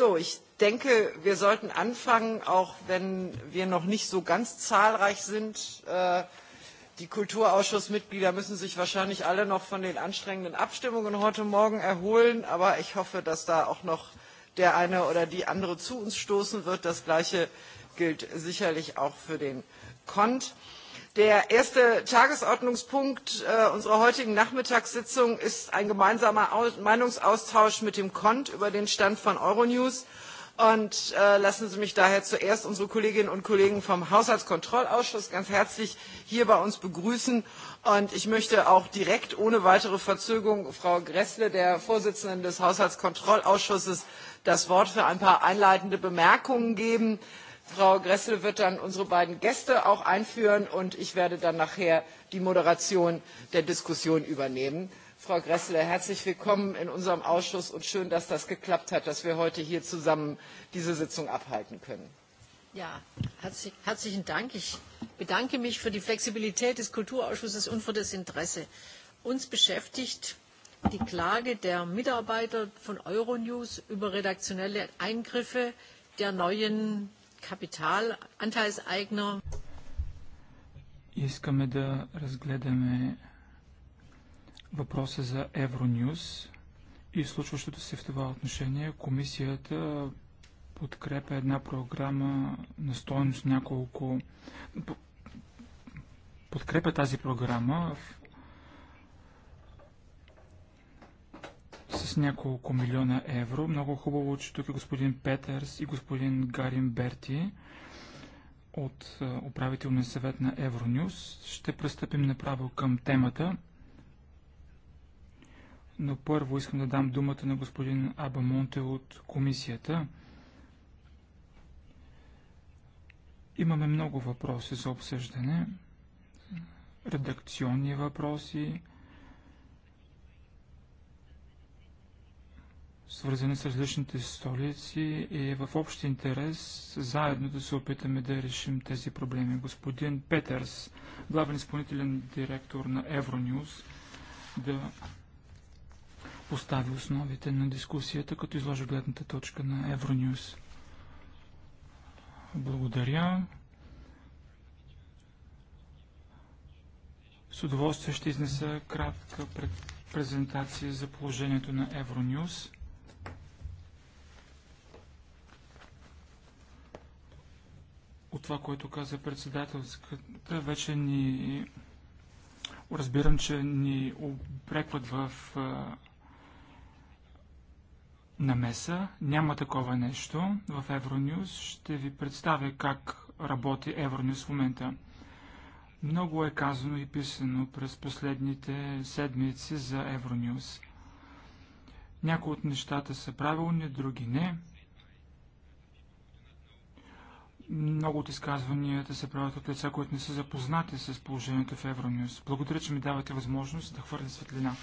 So, ich denke, wir sollten anfangen, auch wenn wir noch nicht so ganz zahlreich sind. Die Kulturausschussmitglieder müssen sich wahrscheinlich alle noch von den anstrengenden Abstimmungen heute Morgen erholen, aber ich hoffe, dass da auch noch der eine oder die andere zu uns stoßen wird. Das Gleiche gilt sicherlich auch für den Kont. Der erste Tagesordnungspunkt unserer heutigen Nachmittagssitzung ist ein gemeinsamer Meinungsaustausch mit dem KONT über den Stand von Euronews. Und lassen Sie mich daher zuerst unsere Kolleginnen und Kollegen vom Haushaltskontrollausschuss ganz herzlich hier bei uns begrüßen. Und ich möchte auch direkt ohne weitere Verzögerung Frau Gräßle, der Vorsitzenden des Haushaltskontrollausschusses, das Wort für ein paar einleitende Bemerkungen geben frau gräßle wird dann unsere beiden gäste auch einführen und ich werde dann nachher die moderation der diskussion übernehmen. frau gräßle herzlich willkommen in unserem ausschuss und schön dass das geklappt hat dass wir heute hier zusammen diese sitzung abhalten können. Ja, herzlichen Dank. Ich bedanke mich für die Flexibilität des Kulturausschusses und für das Interesse. Uns beschäftigt die Klage der Mitarbeiter von Euronews über redaktionelle Eingriffe der neuen Kapitalanteilseigner. Искаме да разгледаме въпроса за Евронюс и случващото се в това отношение. Комисията подкрепя една програма на стоеност няколко... Подкрепя тази програма в с няколко милиона евро. Много хубаво, че тук е господин Петърс и господин Гарин Берти от е, управителния съвет на Евронюс. Ще пристъпим направо към темата. Но първо искам да дам думата на господин Аба Монте от комисията. Имаме много въпроси за обсъждане. Редакционни въпроси, свързани с различните столици и е в общ интерес заедно да се опитаме да решим тези проблеми. Господин Петърс, главен изпълнителен директор на Евронюс, да постави основите на дискусията, като изложи гледната точка на Евронюс. Благодаря. С удоволствие ще изнеса кратка презентация за положението на Евронюс. от това, което каза председателската, вече ни разбирам, че ни обрекват в а, намеса. Няма такова нещо в Евронюс. Ще ви представя как работи Евронюс в момента. Много е казано и писано през последните седмици за Евронюс. Някои от нещата са правилни, други не – много от изказванията се правят от лица, които не са запознати с положението в Евронюс. Благодаря, че ми давате възможност да хвърля светлина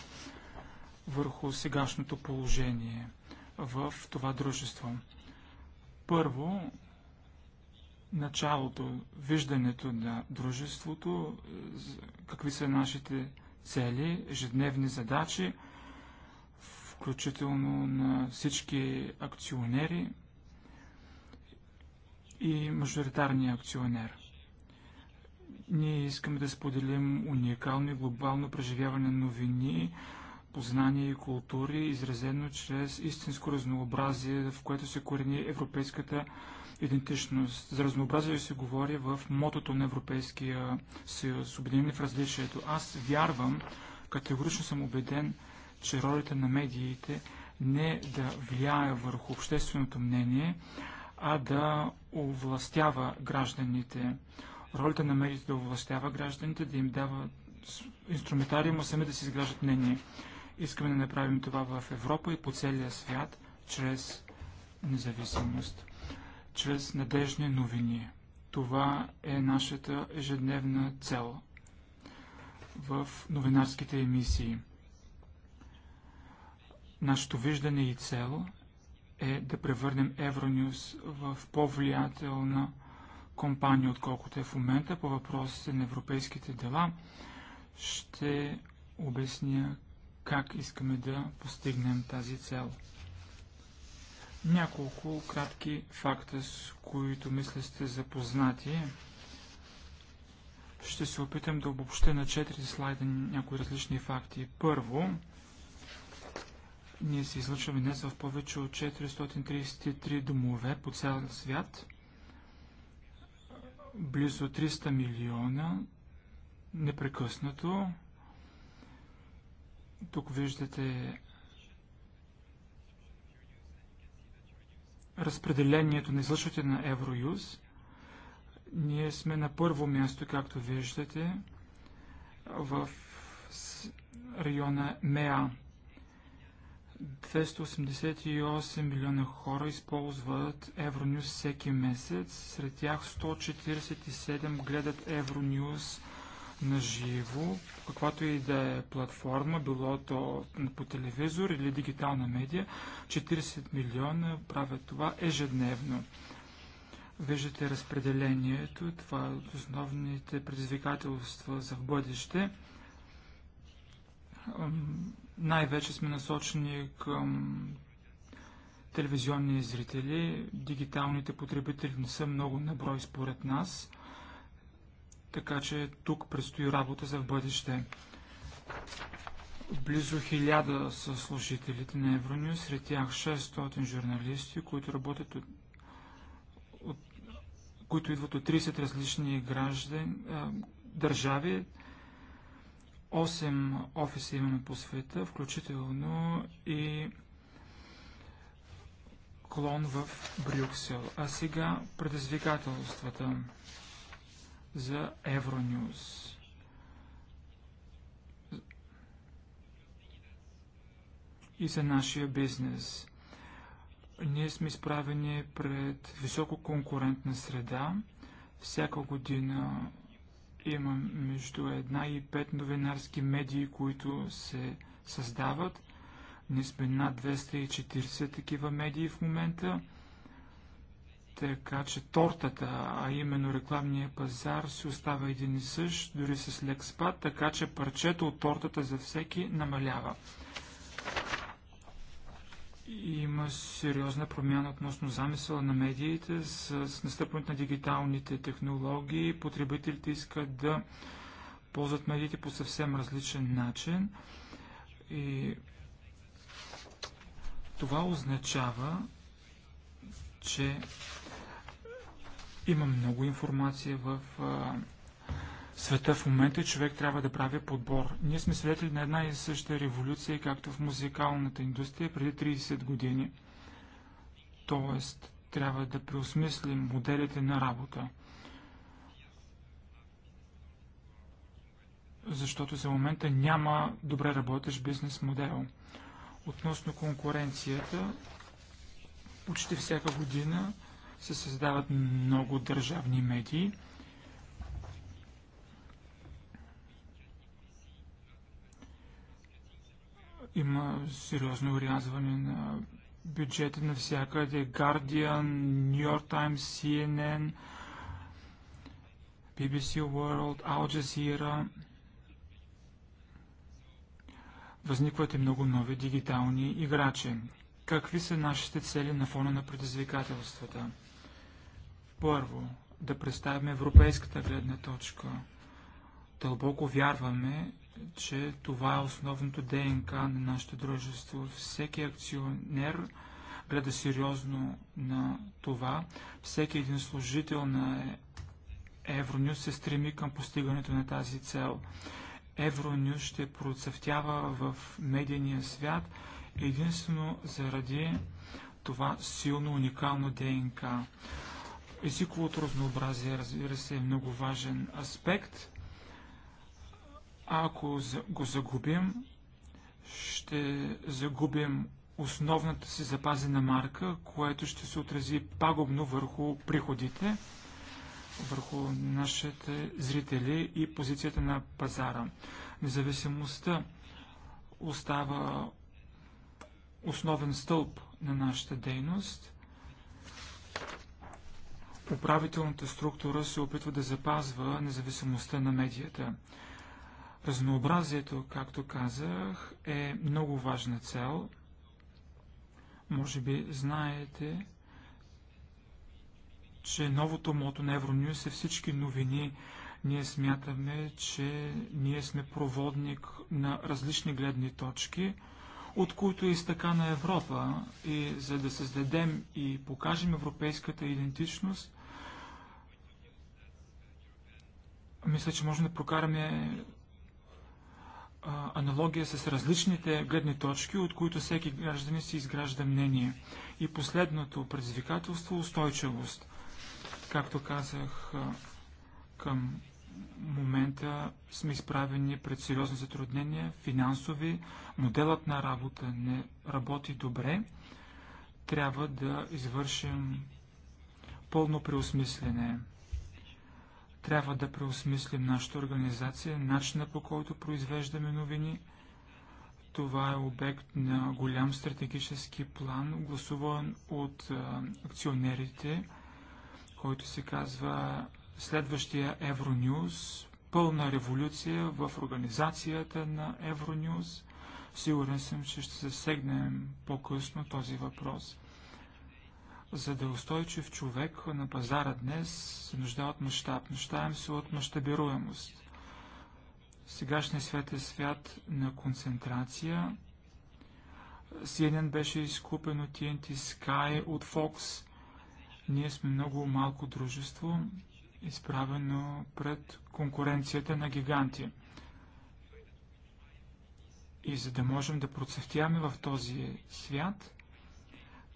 върху сегашното положение в това дружество. Първо, началото, виждането на дружеството, какви са нашите цели, ежедневни задачи, включително на всички акционери – и мажоритарния акционер. Ние искаме да споделим уникално и глобално преживяване на новини, познания и култури, изразено чрез истинско разнообразие, в което се корени европейската идентичност. За разнообразие се говори в мотото на Европейския съюз, обединени в различието. Аз вярвам, категорично съм убеден, че ролята на медиите не е да влияе върху общественото мнение, а да овластява гражданите. Ролята на медиите да овластява гражданите, да им дава инструментариума сами да си изграждат мнение. Искаме да направим това в Европа и по целия свят, чрез независимост, чрез надежни новини. Това е нашата ежедневна цел в новинарските емисии. Нашето виждане и цел е да превърнем Евронюс в по-влиятелна компания, отколкото е в момента. По въпросите на европейските дела ще обясня как искаме да постигнем тази цел. Няколко кратки факта, с които мисля сте запознати. Ще се опитам да обобща на четири слайда някои различни факти. Първо, ние се излъчваме днес в повече от 433 домове по цял свят. Близо 300 милиона непрекъснато. Тук виждате разпределението на излъчвате на Евроюз. Ние сме на първо място, както виждате, в района МЕА. 288 милиона хора използват Евронюс всеки месец. Сред тях 147 гледат Евронюс на живо, каквато и да е платформа, било то по телевизор или дигитална медия. 40 милиона правят това ежедневно. Виждате разпределението, това е основните предизвикателства за в бъдеще най-вече сме насочени към телевизионни зрители. Дигиталните потребители не са много наброй според нас, така че тук предстои работа за в бъдеще. Близо хиляда са служителите на Евроню, сред тях 600 журналисти, които работят от, от които идват от 30 различни граждани, държави, 8 офиса имаме по света, включително и клон в Брюксел. А сега предизвикателствата за Евронюс. И за нашия бизнес. Ние сме изправени пред високо конкурентна среда. Всяка година има между една и пет новинарски медии, които се създават. Ние сме над 240 такива медии в момента. Така че тортата, а именно рекламния пазар, се остава един и същ, дори с лек спад, така че парчето от тортата за всеки намалява има сериозна промяна относно замисъла на медиите. С, с настъпването на дигиталните технологии потребителите искат да ползват медиите по съвсем различен начин. И това означава, че има много информация в света в момента човек трябва да прави подбор. Ние сме свидетели на една и съща революция, както в музикалната индустрия преди 30 години. Тоест, трябва да преосмислим моделите на работа. Защото за момента няма добре работещ бизнес модел. Относно конкуренцията, почти всяка година се създават много държавни медии – Има сериозно урязване на бюджета навсякъде. Guardian, New York Times, CNN, BBC World, Al Jazeera. Възникват и много нови дигитални играчи. Какви са нашите цели на фона на предизвикателствата? Първо, да представим европейската гледна точка. Дълбоко вярваме, че това е основното ДНК на нашето дружество. Всеки акционер гледа сериозно на това. Всеки един служител на Евронюс се стреми към постигането на тази цел. Евронюс ще процъфтява в медийния свят единствено заради това силно уникално ДНК. Езиковото разнообразие, разбира се, е много важен аспект. Ако го загубим, ще загубим основната си запазена марка, което ще се отрази пагубно върху приходите, върху нашите зрители и позицията на пазара. Независимостта остава основен стълб на нашата дейност. Управителната структура се опитва да запазва независимостта на медията. Разнообразието, както казах, е много важна цел. Може би знаете, че новото мото на Евронюс е всички новини. Ние смятаме, че ние сме проводник на различни гледни точки, от които е изтъка на Европа. И за да създадем и покажем европейската идентичност, мисля, че можем да прокараме аналогия с различните гледни точки, от които всеки гражданин си изгражда мнение. И последното предизвикателство – устойчивост. Както казах, към момента сме изправени пред сериозни затруднения, финансови, моделът на работа не работи добре, трябва да извършим пълно преосмислене. Трябва да преосмислим нашата организация, начина по който произвеждаме новини. Това е обект на голям стратегически план, гласуван от а, акционерите, който се казва следващия Евронюз, пълна революция в организацията на Евронюз. Сигурен съм, че ще засегнем по-късно този въпрос. За да е устойчив човек на пазара днес се нуждае от мащаб. Нуждаем се от мащабируемост. Сегашният свят е свят на концентрация. CNN беше изкупен от TNT Sky, от Fox. Ние сме много малко дружество, изправено пред конкуренцията на гиганти. И за да можем да процъфтяваме в този свят,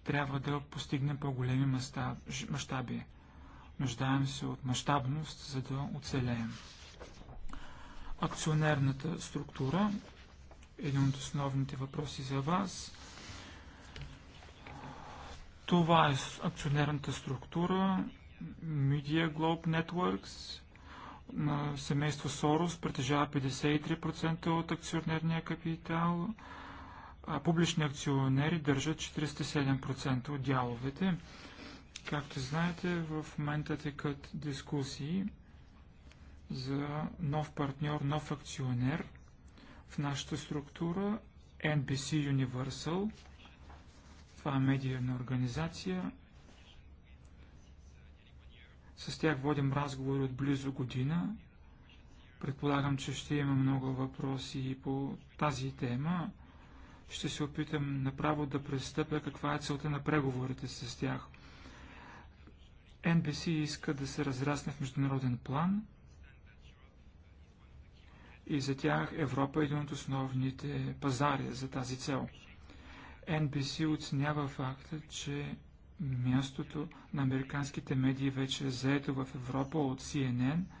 трябва да постигнем по-големи мащаби. Нуждаем се от мащабност, за да оцелеем. Акционерната структура един от основните въпроси за вас. Това е акционерната структура Media Globe Networks на семейство Сорос притежава 53% от акционерния капитал а публични акционери държат 47% от дяловете. Както знаете, в момента текат дискусии за нов партньор, нов акционер в нашата структура NBC Universal. Това е медийна организация. С тях водим разговори от близо година. Предполагам, че ще има много въпроси и по тази тема. Ще се опитам направо да престъпя каква е целта на преговорите с тях. NBC иска да се разрасне в международен план и за тях Европа е един от основните пазари за тази цел. NBC оценява факта, че мястото на американските медии вече е заето в Европа от CNN –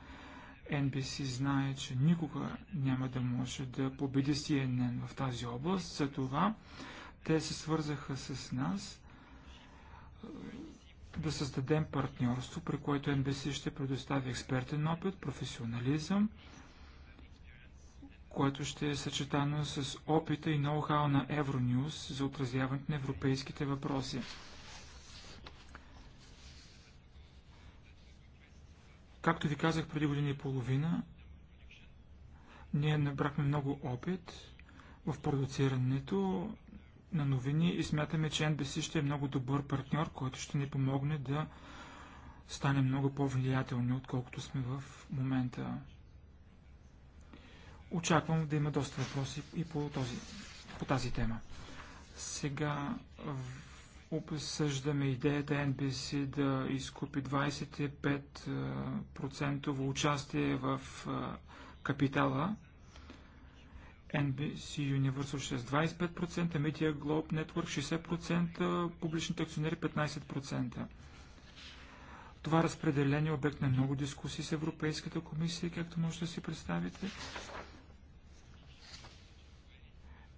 NBC знае, че никога няма да може да победи CNN в тази област, затова те се свързаха с нас е, да създадем партньорство, при което NBC ще предостави експертен опит, професионализъм, което ще е съчетано с опита и ноу-хау на Евронюс за отразяването на европейските въпроси. Както ви казах преди година и половина, ние набрахме много опит в продуцирането на новини и смятаме, че NBC ще е много добър партньор, който ще ни помогне да станем много по-влиятелни, отколкото сме в момента. Очаквам да има доста въпроси и по, този, по тази тема. Сега Обсъждаме идеята NBC да изкупи 25% участие в капитала. NBC Universal 6 25%, е Media Globe Network 60%, публичните акционери 15%. Това разпределение е обект на много дискусии с Европейската комисия, както може да си представите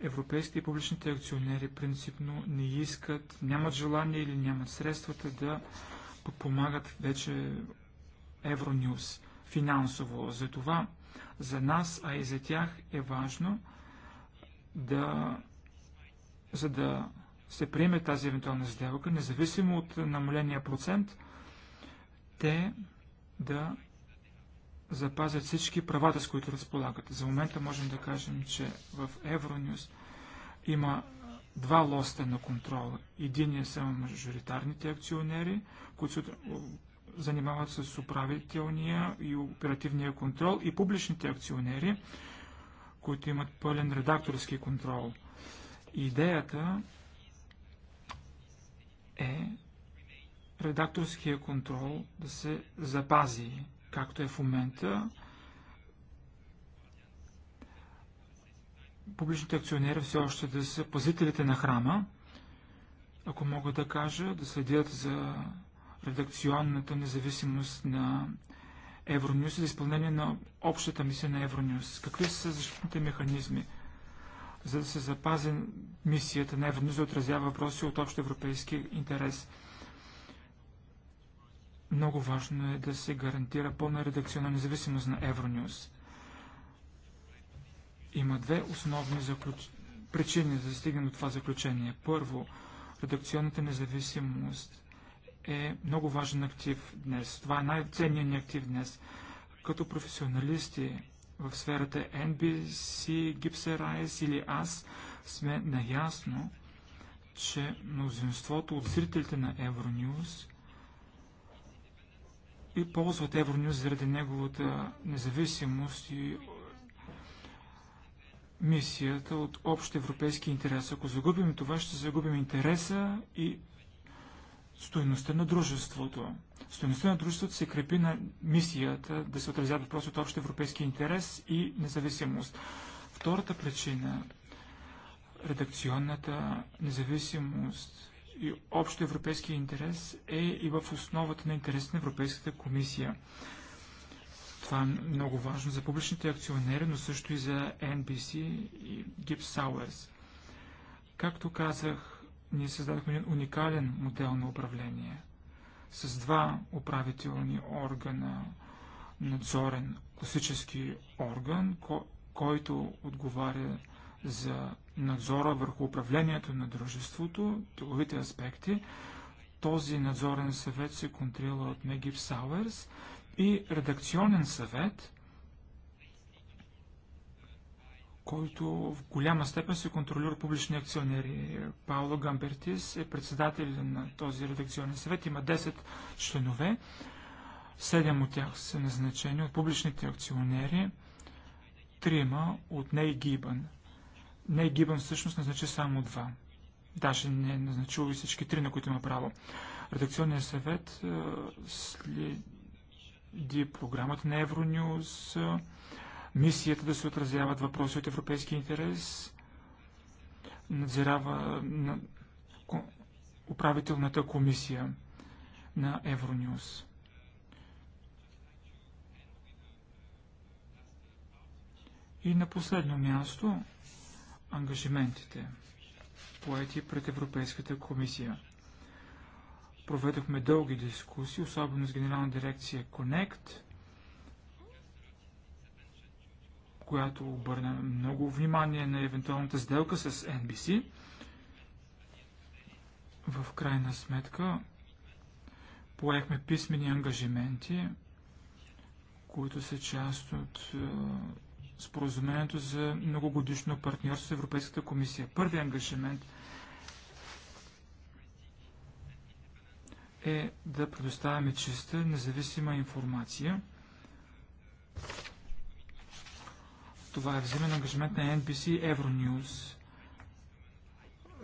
европейските и публичните акционери принципно не искат, нямат желание или нямат средствата да подпомагат вече Евронюс финансово. Затова за нас, а и за тях е важно да, за да се приеме тази евентуална сделка, независимо от намаления процент, те да запазят всички правата, с които разполагат. За момента можем да кажем, че в Евронюс има два лоста на контрол. Единият са мажоритарните акционери, които се занимават с управителния и оперативния контрол и публичните акционери, които имат пълен редакторски контрол. Идеята е редакторския контрол да се запази както е в момента. Публичните акционери все още да са пазителите на храма, ако мога да кажа, да следят за редакционната независимост на Евронюс и за изпълнение на общата мисия на Евронюс. Какви са защитните механизми, за да се запази мисията на Евронюс да отразява въпроси от общ европейски интерес? Много важно е да се гарантира пълна редакционна независимост на Евронюс. Има две основни заключ... причини за да стигнем до това заключение. Първо, редакционната независимост е много важен актив днес. Това е най-ценният ни актив днес. Като професионалисти в сферата NBC, Gipser Eyes или аз сме наясно, че мнозинството от зрителите на Евронюс и ползват Евронюс заради неговата независимост и мисията от общ европейски интерес. Ако загубим това, ще загубим интереса и стоеността на дружеството. Стоеността на дружеството се крепи на мисията да се отразят въпроси от общ европейски интерес и независимост. Втората причина – редакционната независимост и общо европейски интерес е и в основата на интерес на Европейската комисия. Това е много важно за публичните акционери, но също и за NBC и Gibbs Sowers. Както казах, ние създадохме един уникален модел на управление с два управителни органа, надзорен класически орган, който отговаря за надзора върху управлението на дружеството, деловите аспекти. Този надзорен съвет се контрила от Мегип Сауерс и редакционен съвет, който в голяма степен се контролира публични акционери. Пауло Гамбертис е председател на този редакционен съвет. Има 10 членове. 7 от тях са назначени от публичните акционери, трима от Ней Гибън – не, Гибън всъщност назначи само два. Даже не е назначил и всички три, на които има право. Редакционният съвет следи програмата на Евронюс, мисията да се отразяват въпроси от европейски интерес, надзирава на управителната комисия на Евронюс. И на последно място ангажиментите, поети пред Европейската комисия. Проведохме дълги дискусии, особено с Генерална дирекция Connect, която обърна много внимание на евентуалната сделка с NBC. В крайна сметка, поехме писмени ангажименти, които са част от е, споразумението за многогодишно партньорство с Европейската комисия. Първи ангажимент е да предоставяме чиста, независима информация. Това е взимен ангажимент на NBC Euronews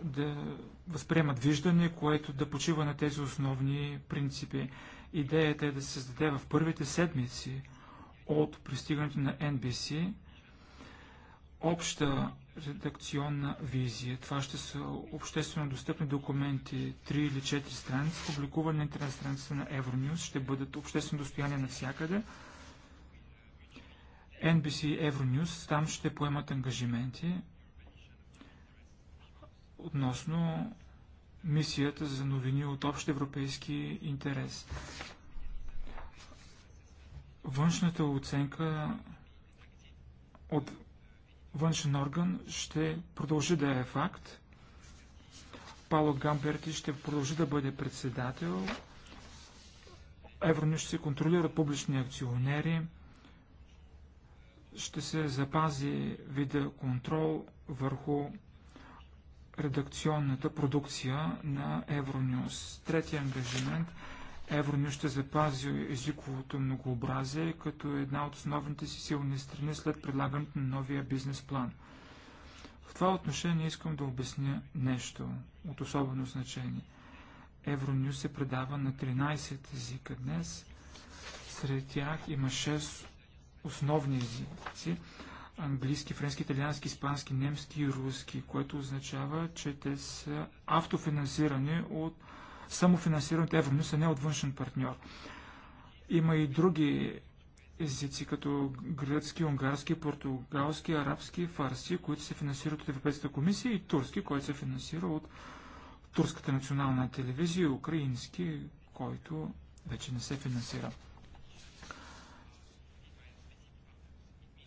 да възприемат виждане, което да почива на тези основни принципи. Идеята е да се създаде в първите седмици – от пристигането на NBC обща редакционна визия. Това ще са обществено достъпни документи, 3 или 4 страници, публикувани на интернет страницата на Euronews, ще бъдат обществено достояние навсякъде. NBC и Euronews там ще поемат ангажименти относно мисията за новини от общ европейски интерес. Външната оценка от външен орган ще продължи да е факт. Пало Гамберти ще продължи да бъде председател. Евроню ще се контролира публични акционери. Ще се запази вида контрол върху редакционната продукция на Евронюс. Третия ангажимент – Евроню ще запази езиковото многообразие като една от основните си силни страни след предлагането на новия бизнес план. В това отношение искам да обясня нещо от особено значение. Евроню се предава на 13 езика днес. Сред тях има 6 основни езици английски, френски, италиански, испански, немски и руски, което означава, че те са автофинансирани от самофинансиран от Евронюс, а е не от външен партньор. Има и други езици, като гръцки, унгарски, португалски, арабски, фарси, които се финансират от Европейската комисия и турски, който се финансира от Турската национална телевизия и украински, който вече не се финансира.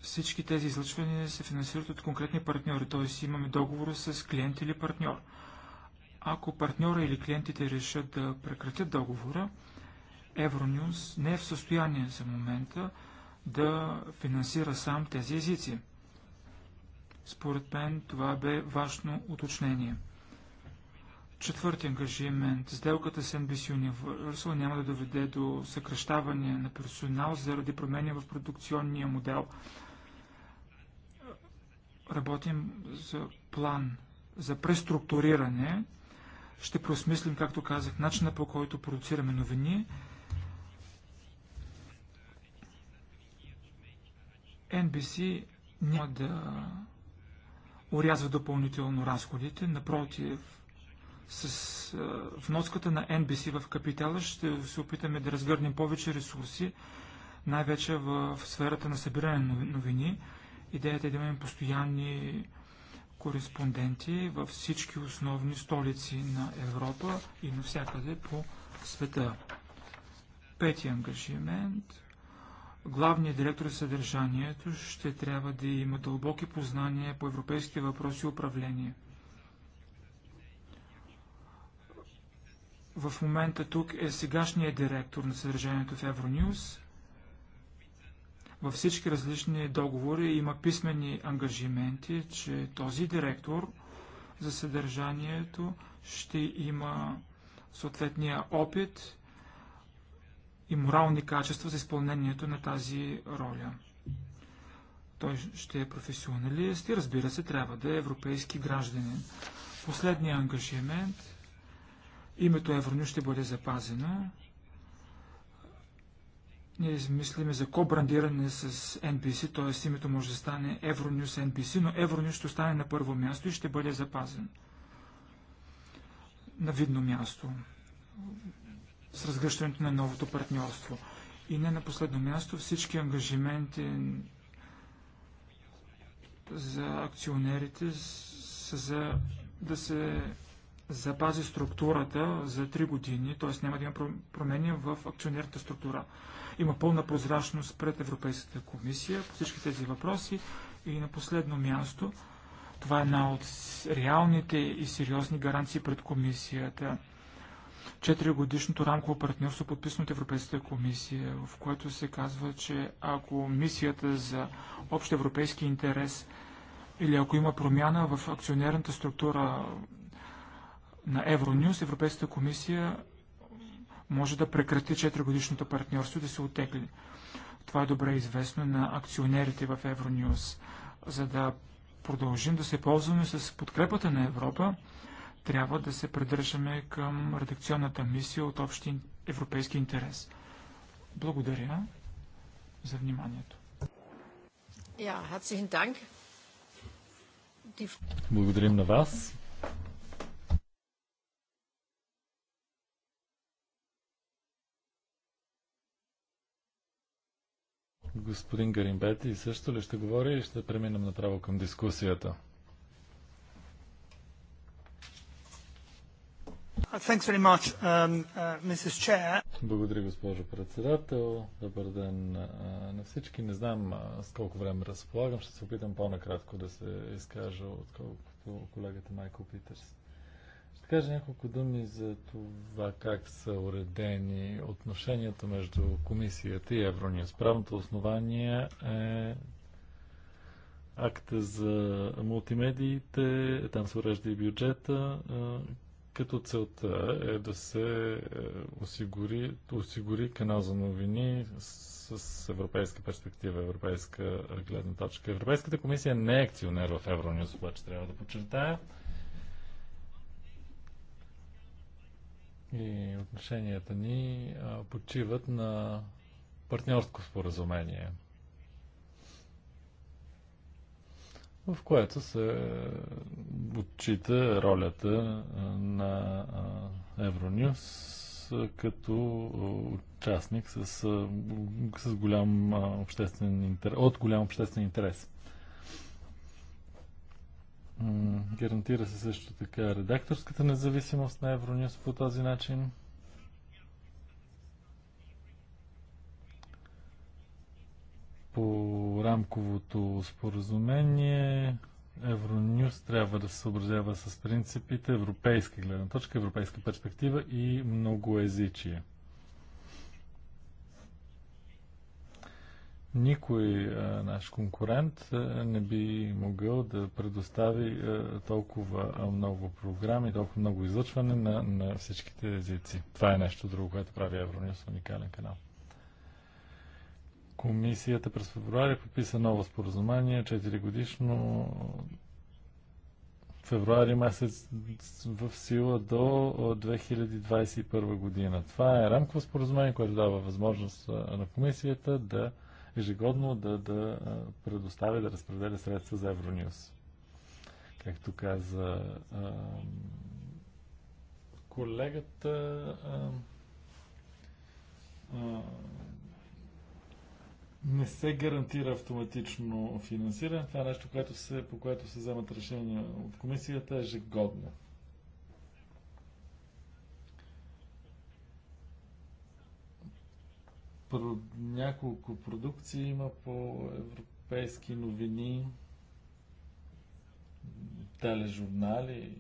Всички тези излъчвания се финансират от конкретни партньори, т.е. имаме договор с клиент или партньор – ако партньора или клиентите решат да прекратят договора, Евронюс не е в състояние за момента да финансира сам тези езици. Според мен това бе важно уточнение. Четвърти ангажимент. Сделката с NBC Universal няма да доведе до съкръщаване на персонал заради промени в продукционния модел. Работим за план за преструктуриране ще просмислим, както казах, начина по който продуцираме новини. NBC няма да урязва допълнително разходите. Напротив, с вноската на NBC в капитала ще се опитаме да разгърнем повече ресурси, най-вече в сферата на събиране на новини. Идеята е да имаме постоянни кореспонденти във всички основни столици на Европа и навсякъде по света. Пети ангажимент. Главният директор за съдържанието ще трябва да има дълбоки познания по европейски въпроси и управление. В момента тук е сегашният директор на съдържанието в Евронюс във всички различни договори има писмени ангажименти, че този директор за съдържанието ще има съответния опит и морални качества за изпълнението на тази роля. Той ще е професионалист и разбира се трябва да е европейски гражданин. Последният ангажимент, името Евроню ще бъде запазено, ние измислиме за кобрандиране с NBC, т.е. името може да стане Euronews NBC, но Euronews ще остане на първо място и ще бъде запазен на видно място с разгръщането на новото партньорство. И не на последно място всички ангажименти за акционерите са за да се запази структурата за 3 години, т.е. няма да има промени в акционерната структура. Има пълна прозрачност пред Европейската комисия по всички тези въпроси и на последно място това е една от реалните и сериозни гаранции пред комисията. Четири годишното рамково партньорство, подписано от Европейската комисия, в което се казва, че ако мисията за общ европейски интерес или ако има промяна в акционерната структура на Евронюс Европейската комисия може да прекрати 4-годишното партньорство и да се отегли. Това е добре известно на акционерите в Евронюс. За да продължим да се ползваме с подкрепата на Европа, трябва да се придържаме към редакционната мисия от общи европейски интерес. Благодаря за вниманието. Благодарим на вас. Господин Гаримбети също ли ще говори и ще преминем направо към дискусията? Uh, um, uh, Благодаря, госпожо председател. Добър ден uh, на всички. Не знам с колко време разполагам. Ще се опитам по-накратко да се изкажа, отколкото колегата Майкъл Питърс кажа няколко думи за това как са уредени отношенията между комисията и Евронис. Правното основание е акта за мултимедиите, там се урежда и бюджета, като целта е да се е, осигури, осигури канал за новини с европейска перспектива, европейска гледна точка. Европейската комисия не е акционер в Евронюс, обаче трябва да подчертая. и отношенията ни почиват на партньорско споразумение, в което се отчита ролята на Евронюс като участник с, с голям обществен интерес, от голям обществен интерес. Гарантира се също така редакторската независимост на Евронюс по този начин. По рамковото споразумение Евронюс трябва да се съобразява с принципите европейска гледна точка, европейска перспектива и многоезичие. никой а, наш конкурент а, не би могъл да предостави а, толкова а, много програми, толкова много излъчване на, на всичките езици. Това е нещо друго, което прави Евронюс уникален канал. Комисията през февруари подписа ново споразумение, 4 годишно февруари месец в сила до 2021 година. Това е рамково споразумение, което дава възможност на комисията да ежегодно да, да предоставя, да разпределя средства за Евронюс. Както каза а, колегата, а, а, не се гарантира автоматично финансиране. Това е нещо, което се, по което се вземат решения от комисията ежегодно. про... няколко продукции има по европейски новини, тележурнали,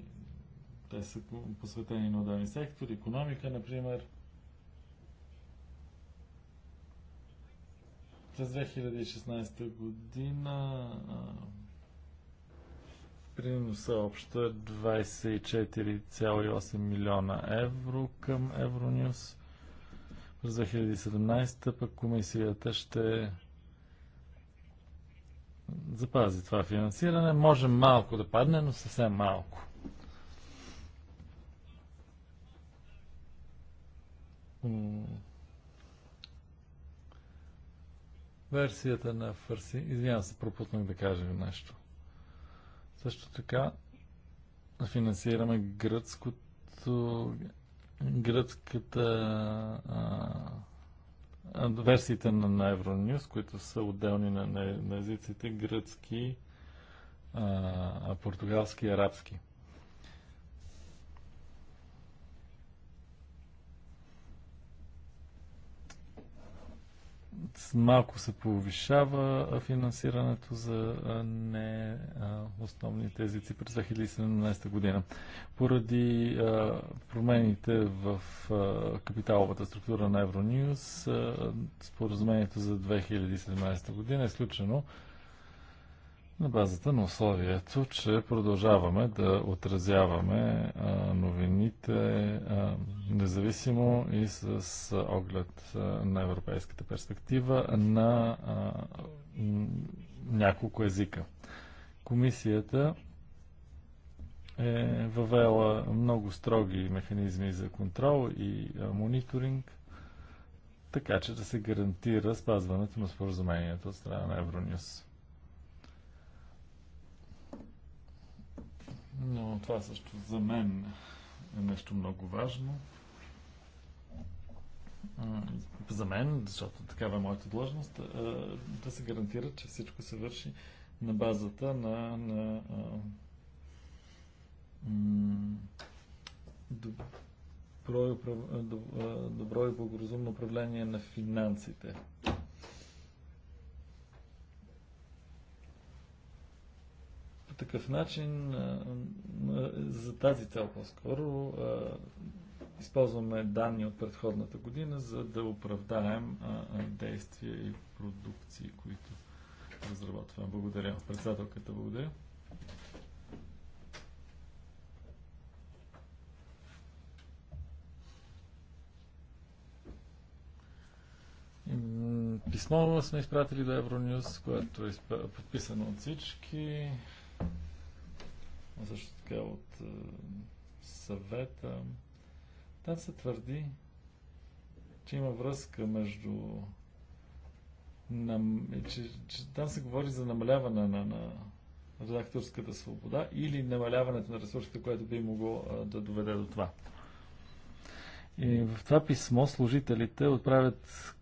те са посветени на отделни сектори, економика, например. През 2016 година приноса общо е 24,8 милиона евро към Евронюс. През 2017 пък комисията ще запази това финансиране. Може малко да падне, но съвсем малко. Версията на Фарси... Извинявам се, пропуснах да кажа нещо. Също така финансираме гръцкото гръцката а, версиите на, на Евронюс, които са отделни на, на, на езиците гръцки, а, португалски и арабски. малко се повишава финансирането за не основни тезици през 2017 година. Поради промените в капиталовата структура на Евронюс, споразумението за 2017 година е изключено на базата на условието, че продължаваме да отразяваме новините независимо и с оглед на европейската перспектива на няколко езика. Комисията е въвела много строги механизми за контрол и мониторинг, така че да се гарантира спазването на споразумението от страна на Евронюс. Но това също за мен е нещо много важно. За мен, защото такава е моята длъжност, да се гарантира, че всичко се върши на базата на, на добро и, добро и благоразумно управление на финансите. такъв начин, за тази цел по-скоро, използваме данни от предходната година, за да оправдаем действия и продукции, които разработваме. Благодаря. Председателката, благодаря. Писмо сме изпратили до Евронюс, което е подписано от всички а също така от е, съвета. Там се твърди, че има връзка между нам... Е, че, че там се говори за намаляване на, на редакторската свобода или намаляването на ресурсите, което би могло а, е, да доведе до това. И в това писмо служителите отправят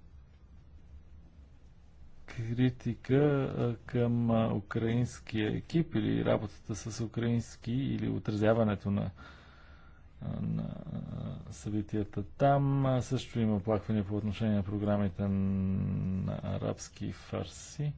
критика към украинския екип или работата с украински или отразяването на, на събитията там. Също има оплаквания по отношение на програмите на арабски фарси.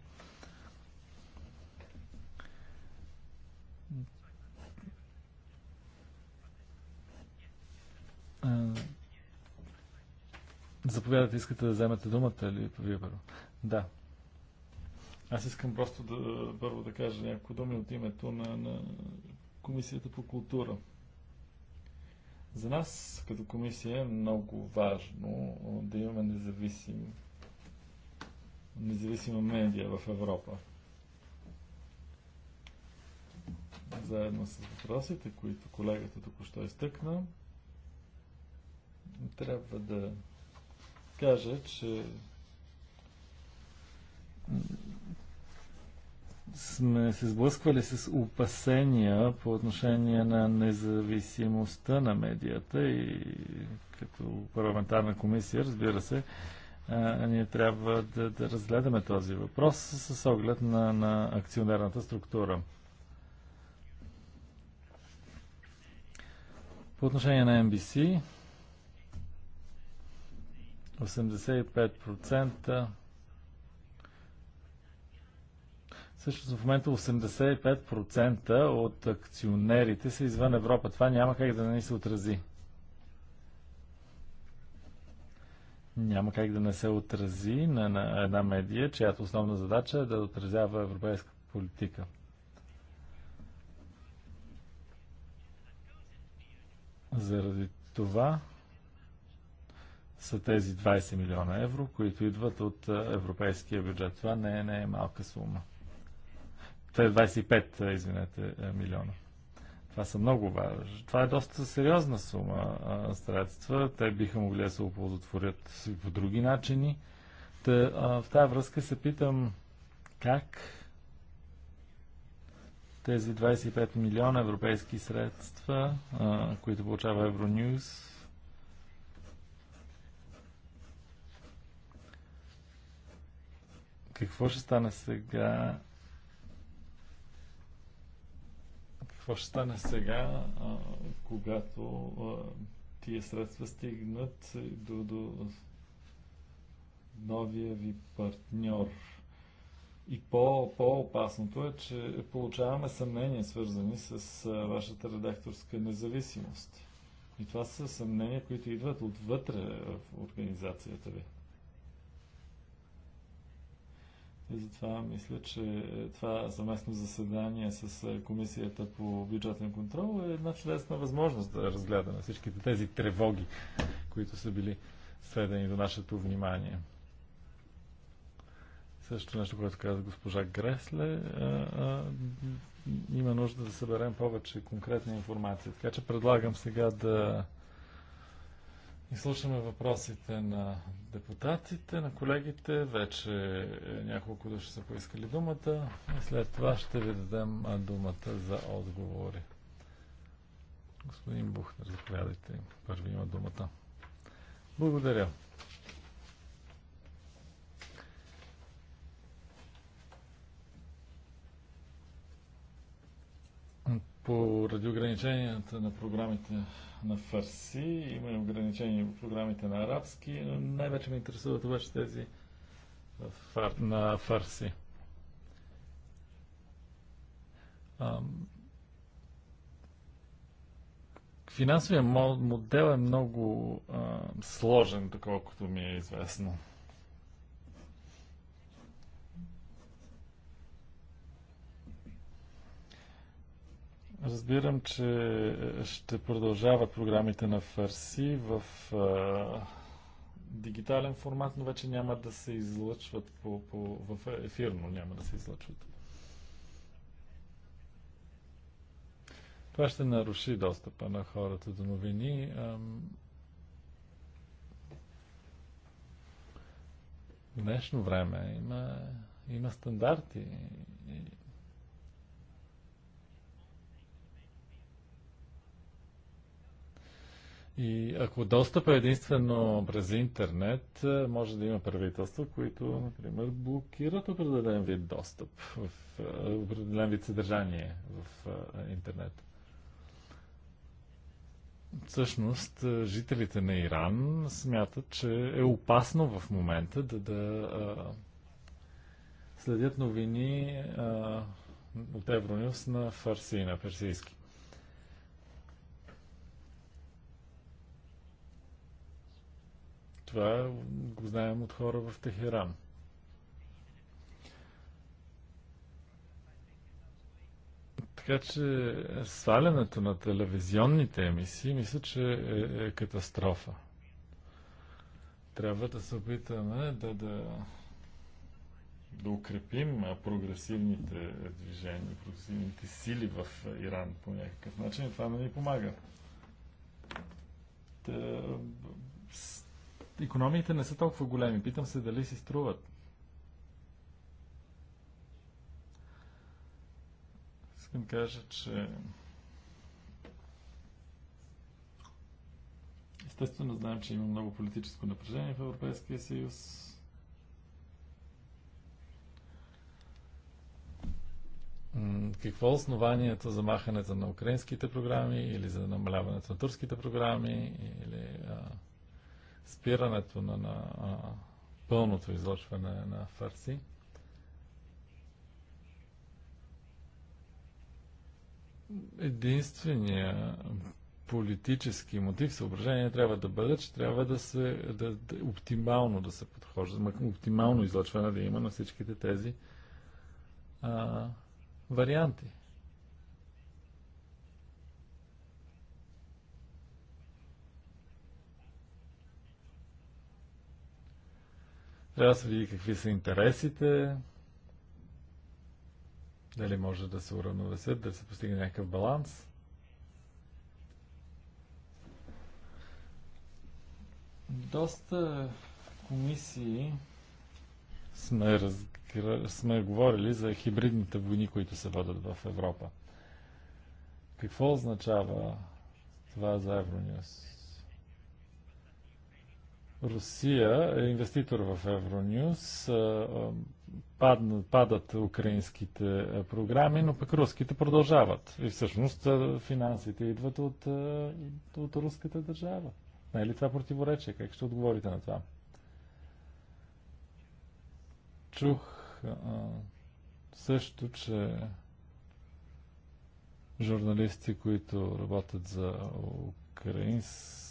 Заповядайте, искате да вземете думата или вие първо? Да. Аз искам просто да първо да кажа някакво думи от името на, на Комисията по култура. За нас като комисия е много важно да имаме независим, независима медия в Европа. Заедно с въпросите, които колегата току-що изтъкна, трябва да кажа, че сме се сблъсквали с опасения по отношение на независимостта на медията и като парламентарна комисия, разбира се, а, ние трябва да, да разгледаме този въпрос с оглед на, на акционерната структура. По отношение на NBC, 85% Също в момента 85% от акционерите са извън Европа. Това няма как да не се отрази. Няма как да не се отрази на, на една медия, чиято основна задача е да отразява европейска политика. Заради това са тези 20 милиона евро, които идват от европейския бюджет. Това не е, не е малка сума е 25, е, извинете, е, милиона. Това са много важни. Това е доста сериозна сума а, средства. Те биха могли да се оползотворят по други начини. Та, а, в тази връзка се питам как тези 25 милиона европейски средства, а, които получава Евронюз, какво ще стане сега какво ще стане сега, а, когато а, тия средства стигнат до, до новия ви партньор. И по, по-опасното е, че получаваме съмнения, свързани с а, вашата редакторска независимост. И това са съмнения, които идват отвътре в организацията ви. И затова мисля, че е, това съместно заседание с е, Комисията по бюджетен контрол е една чудесна възможност да разгледаме всичките тези тревоги, които са били сведени до нашето внимание. Също нещо, което каза госпожа Гресле, а, е, а, има нужда да съберем повече конкретна информация. Така че предлагам сега да Изслушаме въпросите на депутатите, на колегите. Вече няколко души са поискали думата. И след това ще ви дадем думата за отговори. Господин Бухнер, заповядайте. Първи има думата. Благодаря. Поради ограниченията на програмите на фарси, има и ограничения в програмите на арабски, но най-вече ме интересуват обаче тези на фарси. Финансовия модел е много а, сложен, доколкото ми е известно. Разбирам, че ще продължават програмите на Фарси в а, дигитален формат, но вече няма да се излъчват по, по, в ефирно, няма да се излъчват. Това ще наруши достъпа на хората до новини. В днешно време има, има стандарти. И ако достъп е единствено през интернет, е, може да има правителства, които, например, блокират определен вид достъп, в, е, определен вид съдържание в е, интернет. Всъщност, жителите на Иран смятат, че е опасно в момента да, да следят новини от Евронюс на фарси, на персийски. Това го знаем от хора в Техеран. Така че свалянето на телевизионните емисии мисля, че е, е катастрофа. Трябва да се опитаме да, да, да укрепим прогресивните движения, прогресивните сили в Иран по някакъв начин. Това не ни помага. Та, Економиите не са толкова големи. Питам се дали си струват. Искам да кажа, че естествено знаем, че има много политическо напрежение в Европейския съюз. какво е основанието за махането на украинските програми или за намаляването на турските програми или а, спирането на, на а, пълното излъчване на фарси. Единствения политически мотив, съображение трябва да бъде, че трябва да се да, да, оптимално да се подхожда, оптимално излъчване да има на всичките тези а, варианти. Трябва да се види какви са интересите, дали може да се уравновесят, да се постигне някакъв баланс. Доста комисии сме, разгр... сме говорили за хибридните войни, които се водят в Европа. Какво означава това за Евронюс? Русия е инвеститор в Евронюс. падат украинските програми, но пък руските продължават. И всъщност финансите идват от, от руската държава. Не е ли това противоречие? Как ще отговорите на това? Чух също, че журналисти, които работят за украински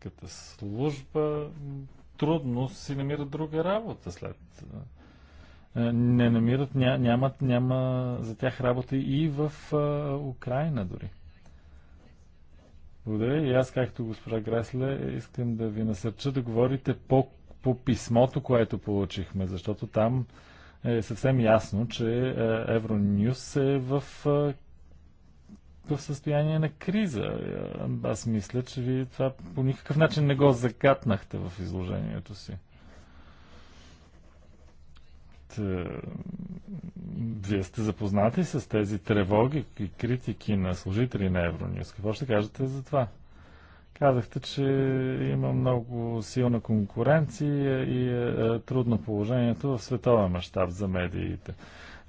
полицейската служба трудно си намират друга работа след. Е, не намират, нямат, няма за тях работа и в е, Украина дори. Благодаря. И аз, както госпожа Гресле, искам да ви насърча да говорите по, по писмото, което получихме, защото там е съвсем ясно, че е, Евронюс е в в състояние на криза. Аз мисля, че вие това по никакъв начин не го закатнахте в изложението си. Та, вие сте запознати с тези тревоги и критики на служители на Евронюс. Какво ще кажете за това? Казахте, че има много силна конкуренция и е, е трудно положението в световен мащаб за медиите.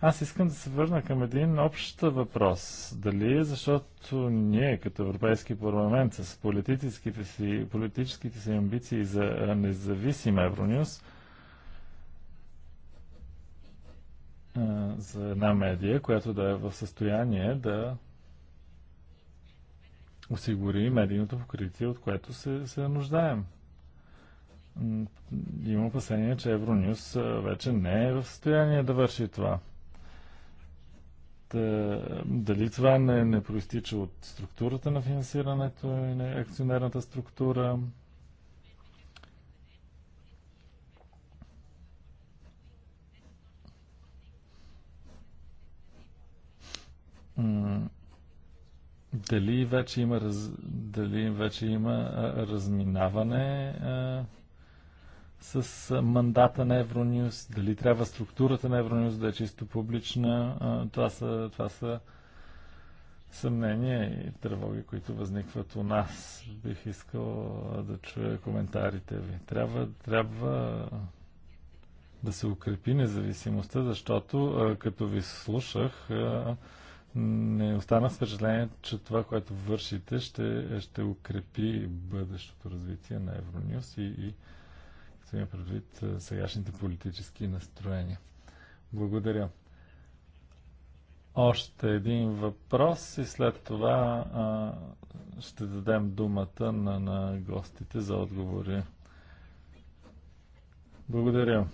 Аз искам да се върна към един общ въпрос. Дали е? защото ние като Европейски парламент с политическите си, политическите си амбиции за независим Евронюс, за една медия, която да е в състояние да осигури медийното покритие, от което се, се нуждаем. Има опасение, че Евронюс вече не е в състояние да върши това. Е, дали това не, не проистича от структурата на финансирането и на акционерната структура. Дали вече има, раз, дали вече има разминаване с мандата на Евронюс, дали трябва структурата на Евронюс да е чисто публична. Това са, това са съмнения и тревоги, които възникват у нас. Бих искал да чуя коментарите ви. Трябва, трябва да се укрепи независимостта, защото като ви слушах, не остана впечатление, че това, което вършите, ще, ще укрепи бъдещото развитие на Евронюс и, и като има предвид сегашните политически настроения. Благодаря. Още един въпрос и след това а, ще дадем думата на, на гостите за отговори. Благодаря.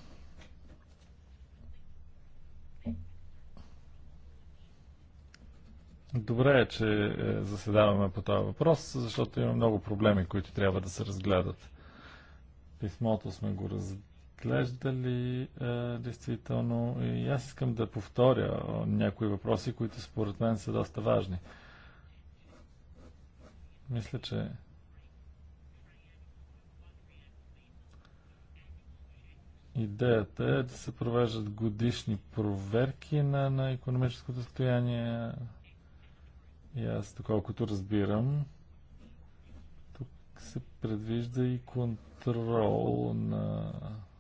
Добре е, че е, заседаваме по този въпрос, защото има много проблеми, които трябва да се разгледат. Писмото сме го разглеждали е, действително и аз искам да повторя някои въпроси, които според мен са доста важни. Мисля, че Идеята е да се провеждат годишни проверки на, на економическото състояние. И аз, доколкото разбирам, се предвижда и контрол на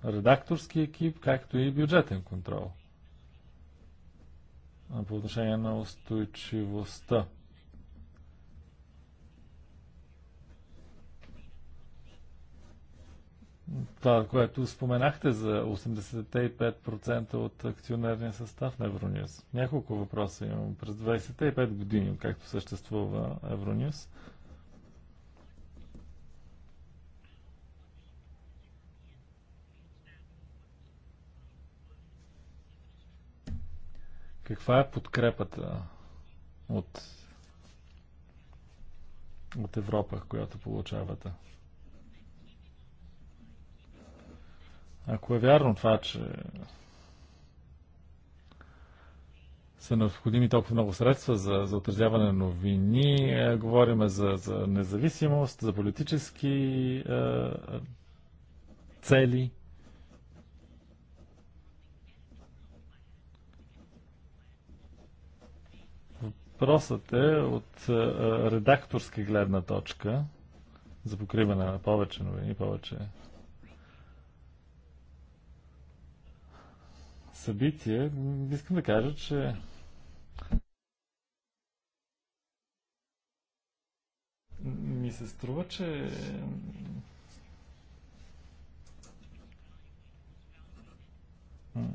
редакторски екип, както и бюджетен контрол по отношение на устойчивостта. Това, което споменахте за 85% от акционерния състав на Евронюс. Няколко въпроса имам. През 25 години, както съществува Евронюс, Каква е подкрепата от, от Европа, която получавате? Ако е вярно това, че са необходими толкова много средства за, за отразяване на новини. Е, говорим за, за независимост, за политически е, е цели. Въпросът е от редакторска гледна точка за покриване на повече новини, повече събитие. Искам да кажа, че ми се струва, че м-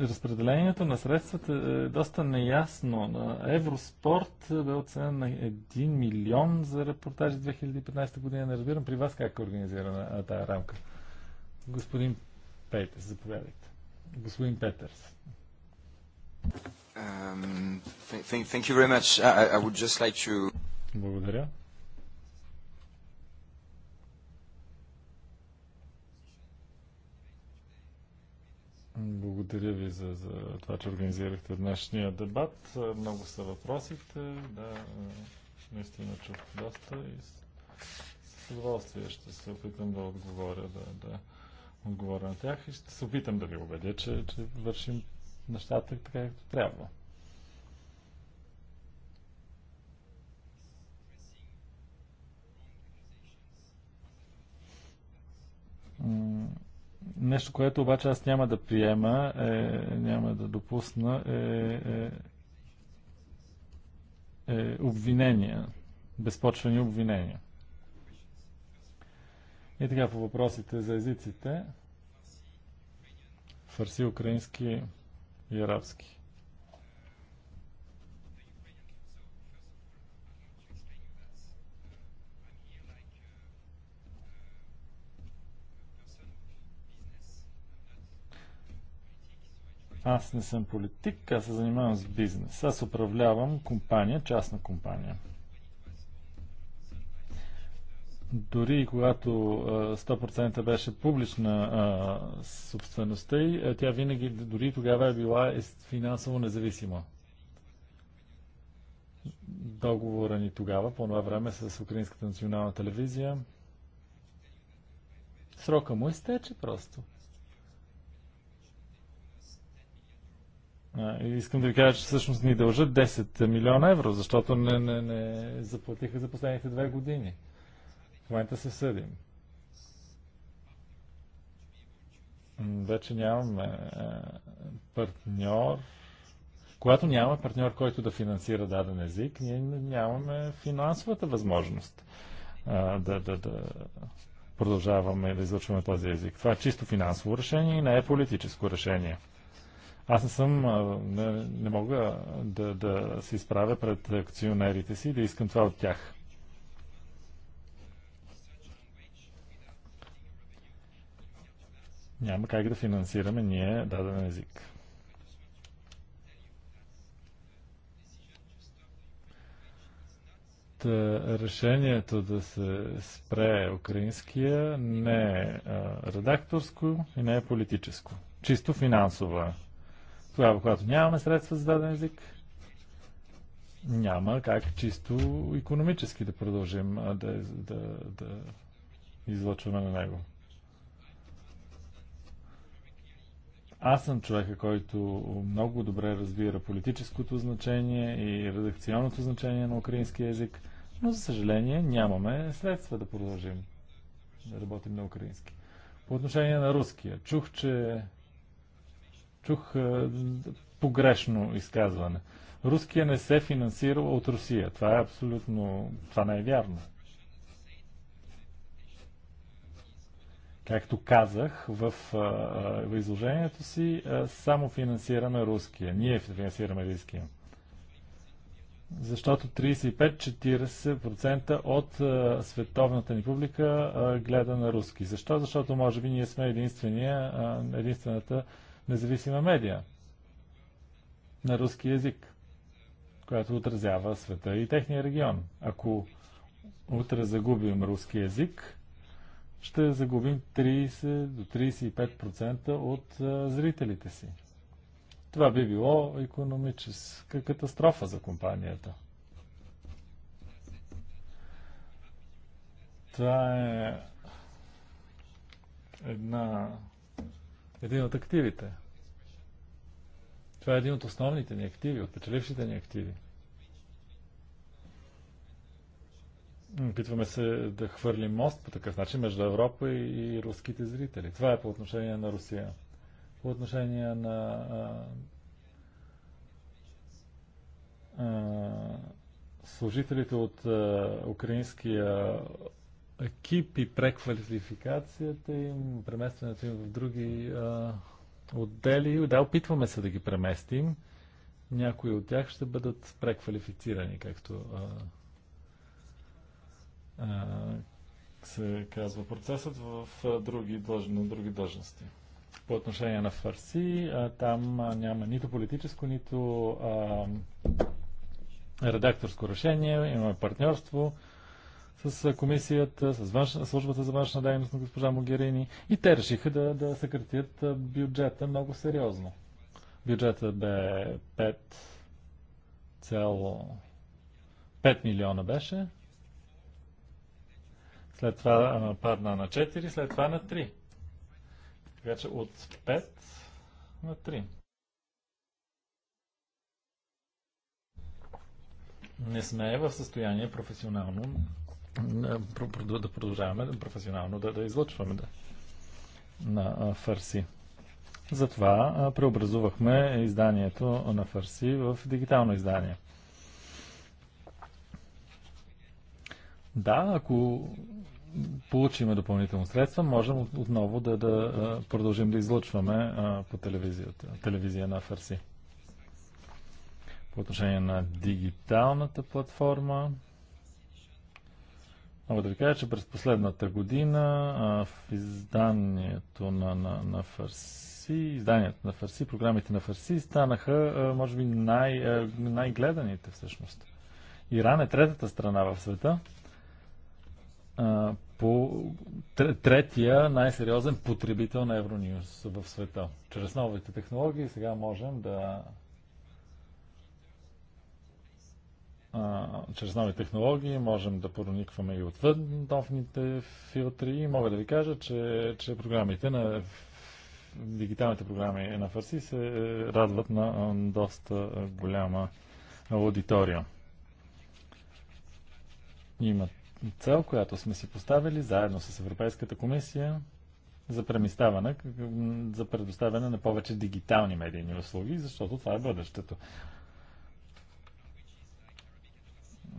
разпределението на средствата е доста неясно. На Евроспорт бе оценен на 1 милион за репортажи 2015 година. Не разбирам при вас как е организирана тази рамка. Господин Петърс, заповядайте. Господин Петърс. Um, thank, thank you very much. I, I would just like to за това, че организирахте днешния дебат. Много са въпросите. Да, е, наистина чух доста и с удоволствие ще се опитам да отговоря, да, да отговоря на тях и ще се опитам да ви убедя, че, че вършим нещата така, както трябва. Mm. Нещо, което обаче аз няма да приема, е, няма да допусна, е, е, е обвинения, безпочвени обвинения. И така по въпросите за езиците. Фарси, украински и арабски. Аз не съм политик, аз се занимавам с бизнес. Аз управлявам компания, частна компания. Дори и когато 100% беше публична собствеността й, тя винаги, дори тогава е била е финансово независима. Договора ни тогава, по това време с Украинската национална телевизия, срока му изтече просто. Искам да ви кажа, че всъщност ни дължат 10 милиона евро, защото не, не, не заплатиха за последните две години. В момента се съдим. Вече нямаме партньор. Когато нямаме партньор, който да финансира даден език, ние нямаме финансовата възможност да, да, да продължаваме да излъчваме този език. Това е чисто финансово решение и не е политическо решение. Аз не съм, не, не мога да, да се изправя пред акционерите си и да искам това от тях. Няма как да финансираме ние даден език. решението да се спре украинския не е редакторско и не е политическо. Чисто финансово е. Тогава, когато нямаме средства за даден език, няма как чисто економически да продължим да, да, да излъчваме на него. Аз съм човека, който много добре разбира политическото значение и редакционното значение на украински язик, но за съжаление нямаме средства да продължим да работим на украински. По отношение на руския, чух, че чух е, погрешно изказване. Руския не се финансира от Русия. Това е абсолютно... Това не е вярно. Както казах в, е, е, в изложението си, само финансираме руския. Ние финансираме руския. Защото 35-40% от а, световната ни публика а, гледа на руски. Защо? Защото може би ние сме единствения, а, единствената независима медия на руски язик, която отразява света и техния регион. Ако утре загубим руски язик, ще загубим 30 до 35% от зрителите си. Това би било економическа катастрофа за компанията. Това е една един от активите. Това е един от основните ни активи, от печелившите ни активи. Опитваме се да хвърлим мост по такъв начин между Европа и, и руските зрители. Това е по отношение на Русия. По отношение на а, а, служителите от а, украинския екипи, преквалификацията им, преместването им в други а, отдели. Да, опитваме се да ги преместим. Някои от тях ще бъдат преквалифицирани, както а, а, се казва процесът, в други, на други длъжности. По отношение на Фарси, а, там а, няма нито политическо, нито а, редакторско решение, имаме партньорство с комисията, с външна, службата за външна дейност на госпожа Могерини и те решиха да, да съкратят бюджета много сериозно. Бюджетът бе 5 5 милиона беше. След това а, падна на 4, след това на 3. Така че от 5 на 3. Не сме в състояние професионално да продължаваме професионално да, да излъчваме да, на Фарси. Затова преобразувахме изданието на Фарси в дигитално издание. Да, ако получиме допълнително средства, можем отново да, да продължим да излъчваме по телевизията, телевизия на Фарси. По отношение на дигиталната платформа, Мога да ви кажа, че през последната година а, в изданието на, на, на Фарси, изданието на Фарси, програмите на Фарси станаха, а, може би, най, а, най-гледаните всъщност. Иран е третата страна в света а, по третия най-сериозен потребител на Евронюс в света. Чрез новите технологии сега можем да чрез нови технологии можем да проникваме и отвъд новните филтри и мога да ви кажа, че, че програмите на дигиталните програми е на Фарси се е, радват на е, доста голяма аудитория. Има цел, която сме си поставили заедно с Европейската комисия за премиставане, за предоставяне на повече дигитални медийни услуги, защото това е бъдещето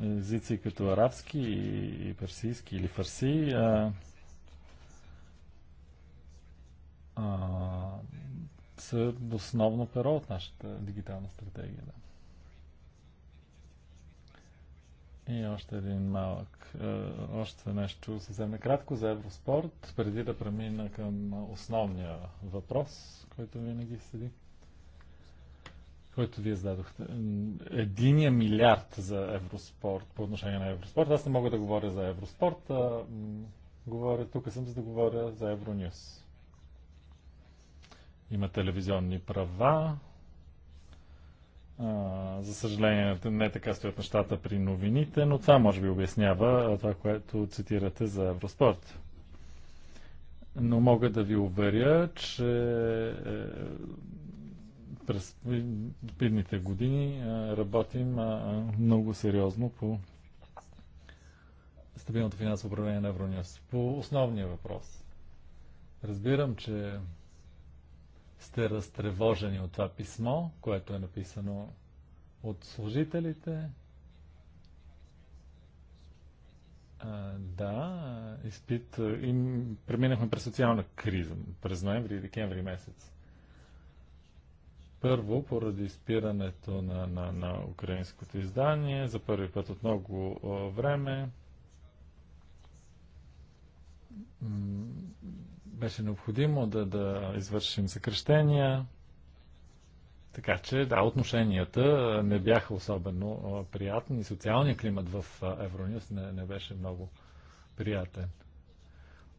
езици като арабски и персийски или фарси. А, а, са основно перо от нашата дигитална стратегия. Да. И още един малък, е, още нещо съвсем накратко за Евроспорт, преди да премина към основния въпрос, който винаги седи който вие зададохте. Единия милиард за Евроспорт, по отношение на Евроспорт. Аз не мога да говоря за Евроспорт, а говоря, тук съм за да говоря за Евронюс. Има телевизионни права. А, за съжаление, не така стоят нещата при новините, но това може би обяснява това, което цитирате за Евроспорт. Но мога да ви уверя, че е, през бидните години работим много сериозно по стабилното финансово управление на Евронюс. По основния въпрос. Разбирам, че сте разтревожени от това писмо, което е написано от служителите. А, да, изпит. преминахме през социална криза през ноември и декември месец. Първо, поради спирането на, на, на украинското издание, за първи път от много време беше необходимо да, да извършим съкрещения, Така че, да, отношенията не бяха особено приятни. Социалният климат в Евронюс не, не беше много приятен.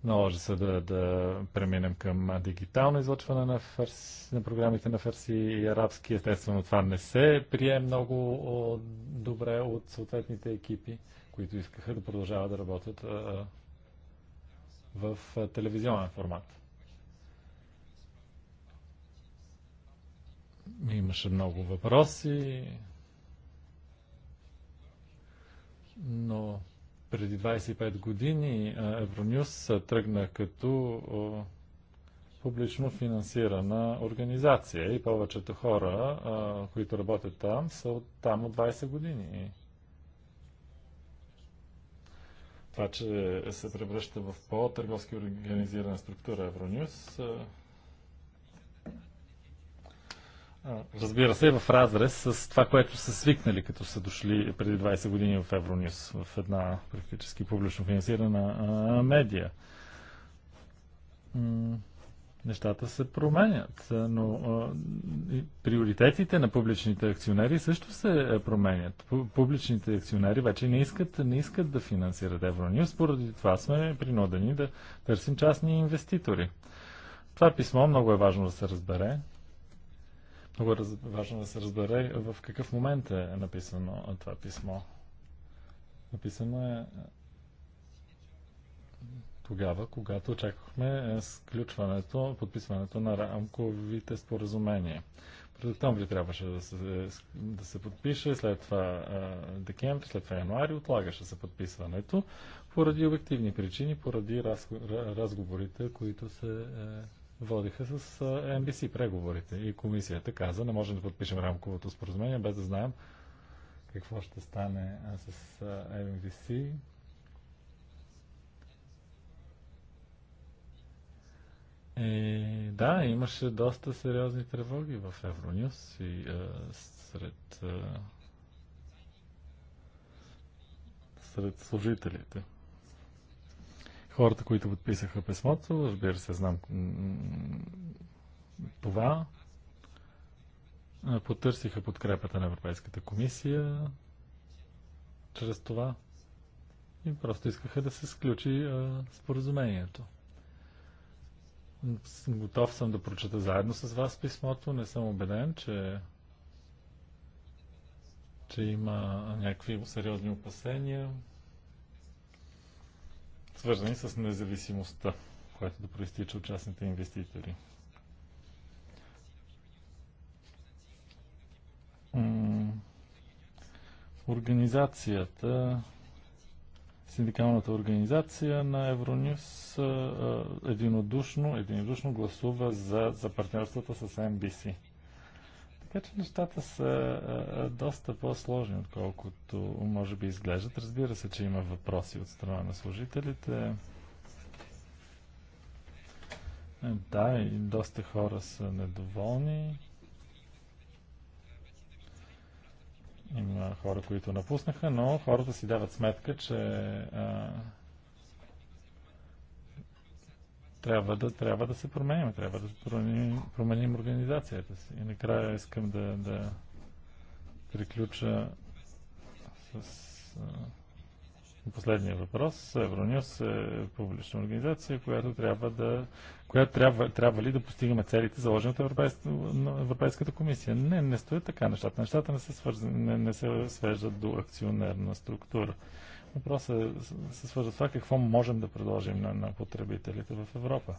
Наложи се да, да преминем към дигитално излъчване на, фарси, на програмите на фарси и арабски. Естествено, това не се прие много о, добре от съответните екипи, които искаха да продължават да работят а, в а, телевизионен формат. Имаше много въпроси, но преди 25 години Евронюс тръгна като публично финансирана организация и повечето хора, които работят там, са от, там от 20 години. Това, че се превръща в по-търговски организирана структура Евронюс, Разбира се, в разрез с това, което са свикнали, като са дошли преди 20 години в Евронюс, в една практически публично финансирана а, медия. М нещата се променят, но а, приоритетите на публичните акционери също се е, променят. Публичните акционери вече не искат, не искат да финансират Евронюс, поради това сме принудени да търсим частни инвеститори. Това писмо много е важно да се разбере. Много е важно да се разбере в какъв момент е написано това писмо. Написано е, е тогава, когато очаквахме е, сключването, подписването на рамковите споразумения. През октомври трябваше да се, да се подпише, след това е, декември, след това януари отлагаше се подписването поради обективни причини, поради разговорите, които се водиха с NBC преговорите и комисията каза, не можем да подпишем рамковото споразумение без да знаем какво ще стане с NBC. И да, имаше доста сериозни тревоги в Евронюс и а, сред, а, сред служителите хората, които подписаха писмото, разбира се, знам това, потърсиха подкрепата на Европейската комисия чрез това и просто искаха да се сключи споразумението. Готов съм да прочета заедно с вас писмото. Не съм убеден, че, че има някакви сериозни опасения свързани с независимостта, която да проистича от частните инвеститори. Организацията, синдикалната организация на Евронюс единодушно, единодушно гласува за, за партньорствата с MBC. Така че нещата са а, доста по-сложни, отколкото може би изглеждат. Разбира се, че има въпроси от страна на служителите. Е, да, и доста хора са недоволни. Има хора, които напуснаха, но хората си дават сметка, че а, трябва да, трябва да се променим, трябва да променим, променим организацията си. И накрая искам да, да приключа с последния въпрос. Евронюс е публична организация, която трябва да която трябва, трябва ли да постигаме целите, заложени от Европейската, Европейската комисия. Не, не стоят така нещата. Нещата не се, свързани, не, не се свеждат до акционерна структура. Въпросът е, се свързва с това какво можем да предложим на, на потребителите в Европа.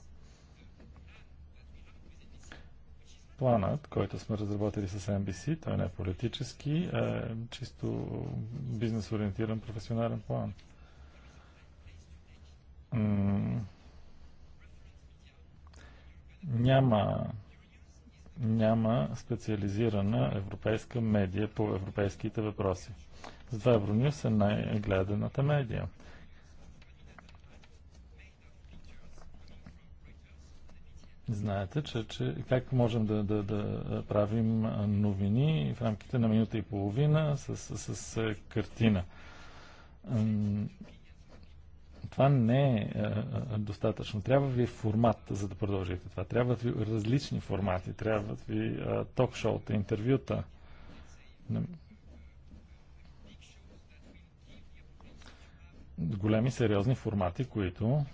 Планът, който сме разработили с NBC, той не е политически, е чисто бизнес-ориентиран професионален план. М няма няма специализирана европейска медия по европейските въпроси за Евронюс е най-гледаната медия. Знаете, че, че как можем да, да, да правим новини в рамките на минута и половина с, с, с, с картина. Това не е достатъчно. Трябва ви формат, за да продължите това. Трябват ви различни формати. Трябват ви ток-шоута, интервюта. големи сериозни формати, които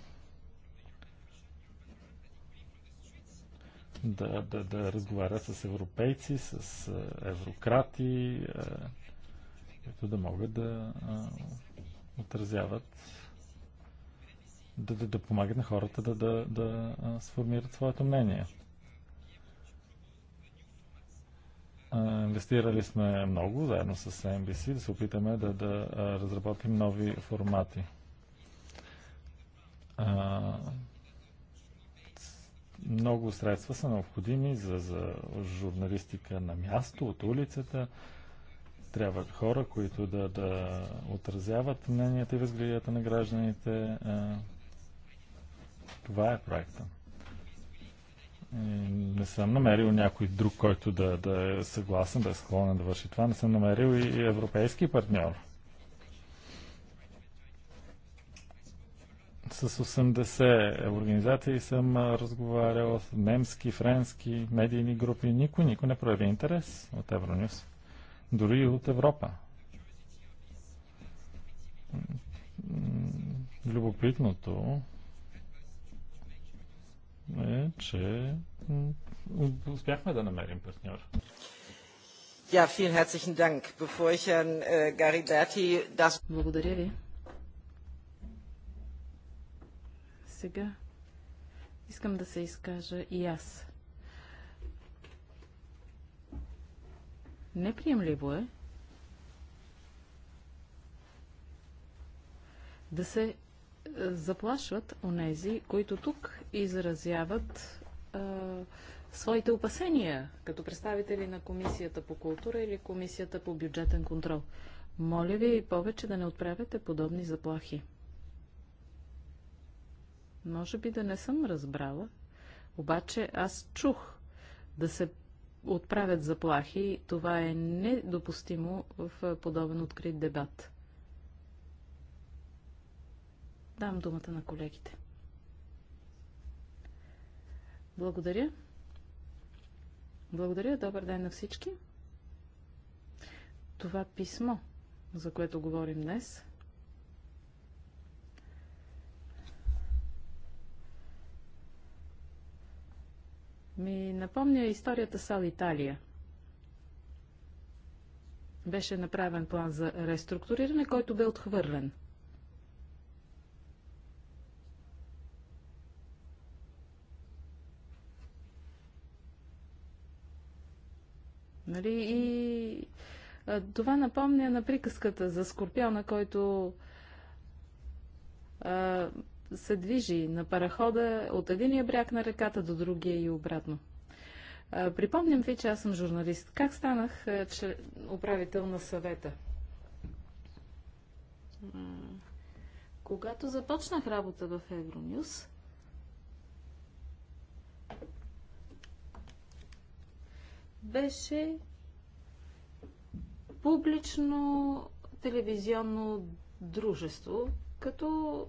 да, да, да разговарят с европейци, с еврократи, които да могат да отразяват, да, да, да помагат на хората да, да, да сформират своето мнение. Инвестирали сме много, заедно с NBC, да се опитаме да, да разработим нови формати. много средства са необходими за, за журналистика на място, от улицата. Трябват хора, които да, да отразяват мненията и възгледията на гражданите. това е проектът не съм намерил някой друг, който да, да е съгласен, да е склонен да върши това. Не съм намерил и европейски партньор. С 80 организации съм разговарял с немски, френски, медийни групи. Никой, никой не прояви интерес от Евронюс. Дори и от Европа. Любопитното е, че успяхме да намерим партньор. Ja, vielen herzlichen Dank. Bevor ich Herrn äh, Gariberti das... Благодаря Сега искам да се изкажа и аз. Неприемливо е да се заплашват онези, които тук изразяват а, своите опасения, като представители на Комисията по култура или Комисията по бюджетен контрол. Моля ви повече да не отправяте подобни заплахи. Може би да не съм разбрала, обаче аз чух да се отправят заплахи. Това е недопустимо в подобен открит дебат. Давам думата на колегите. Благодаря. Благодаря. Добър ден на всички. Това писмо, за което говорим днес, ми напомня историята с Ал Италия. Беше направен план за реструктуриране, който бе отхвърлен – Нали? И това напомня на приказката за Скорпиона, който а, се движи на парахода от единия бряг на реката до другия и обратно. А, припомням ви, че аз съм журналист. Как станах а, че, управител на съвета? Когато започнах работа в Евронюс, беше публично телевизионно дружество, като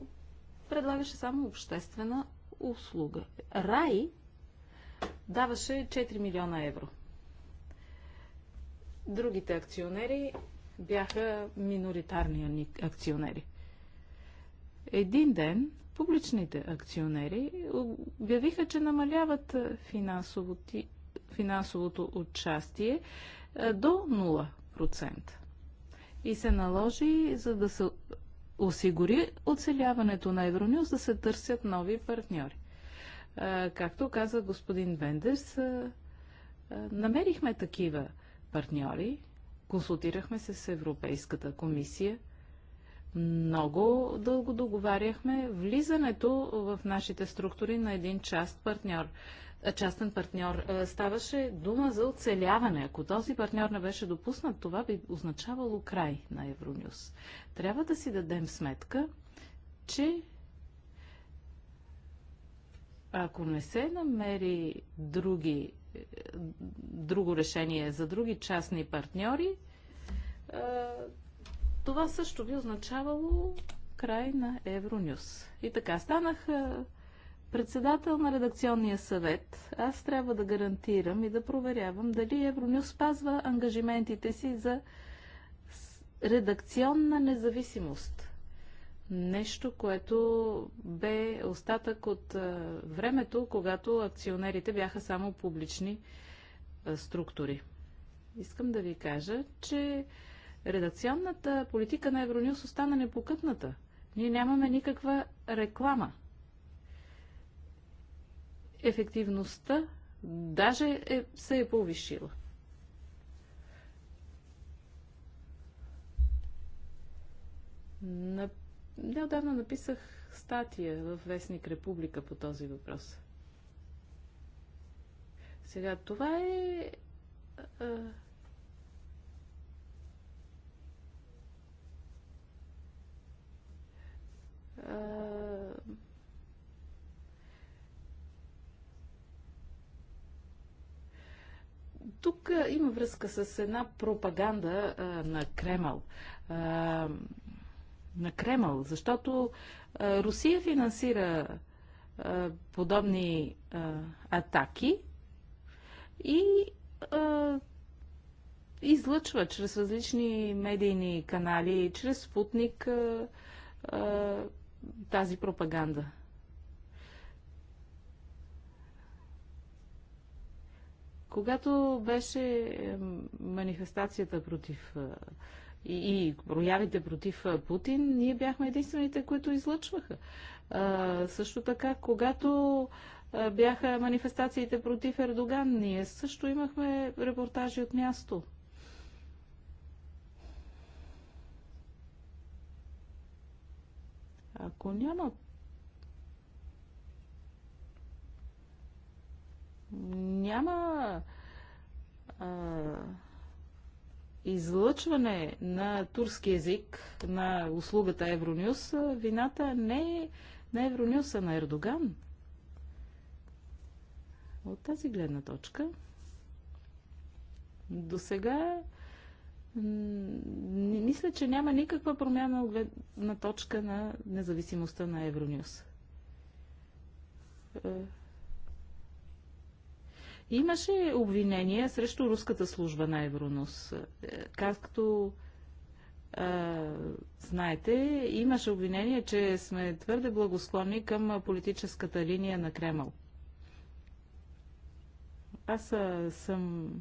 предлагаше само обществена услуга. Рай даваше 4 милиона евро. Другите акционери бяха миноритарни акционери. Един ден публичните акционери обявиха, че намаляват финансовото финансовото участие е, до 0%. И се наложи, за да се осигури оцеляването на Евронюс, да се търсят нови партньори. Е, както каза господин Бендерс, е, намерихме такива партньори, консултирахме се с Европейската комисия, много дълго договаряхме влизането в нашите структури на един част партньор частен партньор. Е, ставаше дума за оцеляване. Ако този партньор не беше допуснат, това би означавало край на Евронюс. Трябва да си дадем сметка, че ако не се намери други, е, друго решение за други частни партньори, е, това също би означавало край на Евронюс. И така станаха председател на редакционния съвет, аз трябва да гарантирам и да проверявам дали Евронюс спазва ангажиментите си за редакционна независимост. Нещо, което бе остатък от времето, когато акционерите бяха само публични структури. Искам да ви кажа, че редакционната политика на Евронюс остана непокътната. Ние нямаме никаква реклама – ефективността даже е, се е повишила. На... Неодавна написах статия в Вестник Република по този въпрос. Сега, това е... А... а Тук има връзка с една пропаганда на Кремъл. На Кремъл, защото Русия финансира подобни атаки и излъчва чрез различни медийни канали, чрез спутник тази пропаганда. Когато беше е, манифестацията против е, и, и проявите против е, Путин, ние бяхме единствените, които излъчваха. А, също така, когато бяха манифестациите против Ердоган, ние също имахме репортажи от място. Ако няма няма а, излъчване на турски език на услугата Евронюс, вината не е на Евронюс, а на Ердоган. От тази гледна точка до сега не мисля, че няма никаква промяна на точка на независимостта на Евронюс. Е, Имаше обвинения срещу руската служба на Евронос. Е, както а, е, знаете, имаше обвинение, че сме твърде благосклонни към политическата линия на Кремъл. Аз а, е, съм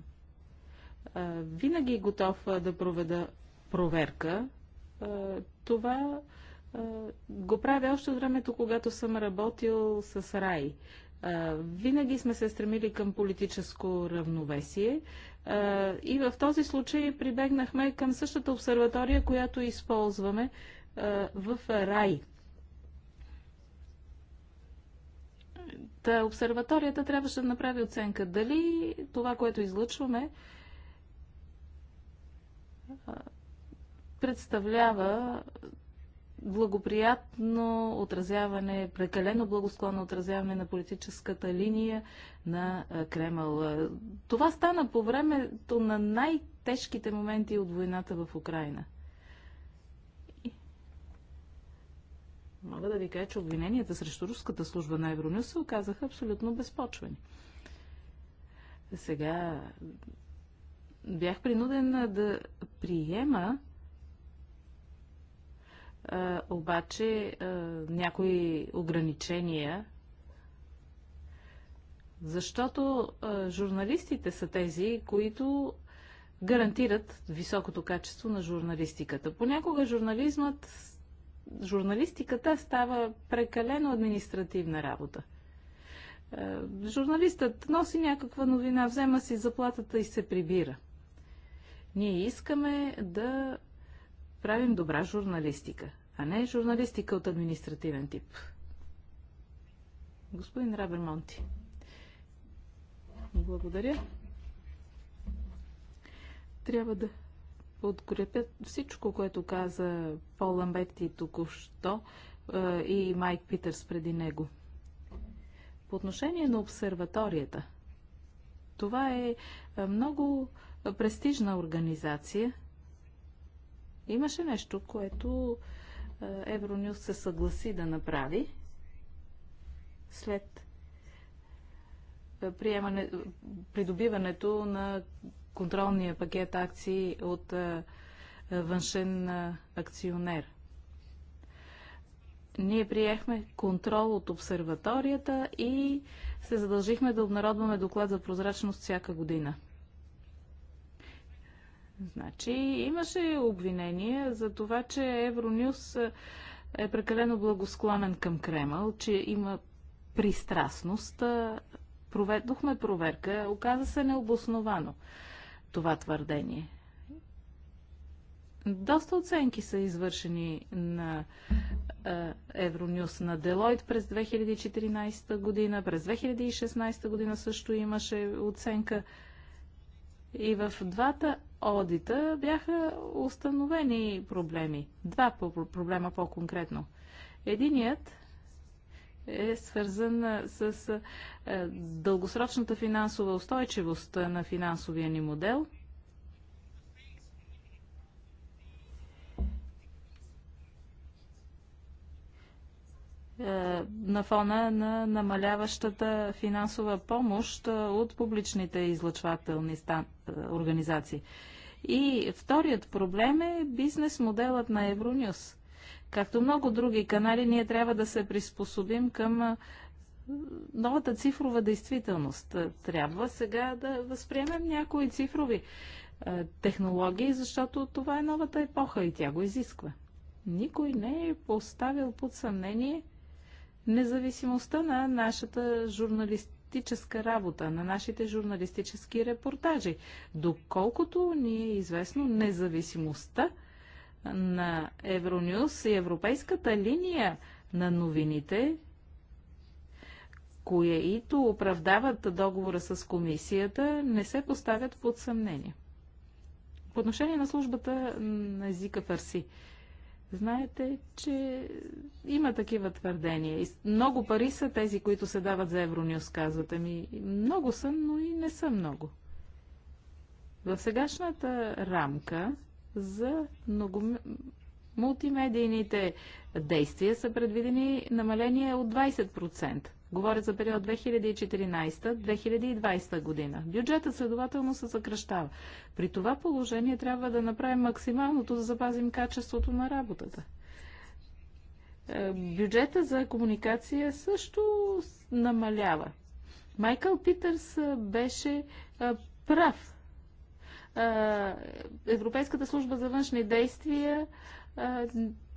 а, винаги готов а, да проведа проверка. А, това а, го правя още от времето, когато съм работил с Рай. Винаги сме се стремили към политическо равновесие и в този случай прибегнахме към същата обсерватория, която използваме в рай. Та обсерваторията трябваше да направи оценка дали това, което излъчваме, представлява благоприятно отразяване, прекалено благосклонно отразяване на политическата линия на Кремъл. Това стана по времето на най-тежките моменти от войната в Украина. Мога да ви кажа, че обвиненията срещу руската служба на Евронюс се оказаха абсолютно безпочвени. Сега бях принуден да приема обаче някои ограничения, защото журналистите са тези, които гарантират високото качество на журналистиката. Понякога журнализмът, журналистиката става прекалено административна работа. Журналистът носи някаква новина, взема си заплатата и се прибира. Ние искаме да правим добра журналистика, а не журналистика от административен тип. Господин Рабер Монти. Благодаря. Трябва да подкрепят всичко, което каза Пол и току-що и Майк Питърс преди него. По отношение на обсерваторията, това е много престижна организация – Имаше нещо, което Евронюс се съгласи да направи след приемане, придобиването на контролния пакет акции от външен акционер. Ние приехме контрол от обсерваторията и се задължихме да обнародваме доклад за прозрачност всяка година. Значи имаше обвинение за това, че Евронюс е, е прекалено благосклонен към Кремъл, че има пристрастност. Е, проведохме проверка, оказа се необосновано това твърдение. Доста оценки са извършени на е, Евронюс на Делойт през 2014 година. През 2016 година също имаше оценка. И в двата одита бяха установени проблеми. Два проблема по-конкретно. Единият е свързан с дългосрочната финансова устойчивост на финансовия ни модел – Е, на фона на намаляващата финансова помощ е, от публичните излъчвателни е, организации. И вторият проблем е бизнес моделът на Евронюс. Както много други канали, ние трябва да се приспособим към новата цифрова действителност. Трябва сега да възприемем някои цифрови технологии, защото това е новата епоха и тя го изисква. Никой не е поставил под съмнение независимостта на нашата журналистическа работа, на нашите журналистически репортажи. Доколкото ни е известно, независимостта на Евронюс и европейската линия на новините, които оправдават договора с комисията, не се поставят под съмнение. По отношение на службата на езика Фарси, Знаете, че има такива твърдения. И много пари са тези, които се дават за Евронюс, казвате ми. Много са, но и не са много. В сегашната рамка за много Мултимедийните действия са предвидени намаление от 20%. Говоря за период 2014-2020 година. Бюджетът следователно се съкръщава. При това положение трябва да направим максималното да запазим качеството на работата. Е, бюджета за комуникация също намалява. Майкъл Питърс беше е, прав. Е, Европейската служба за външни действия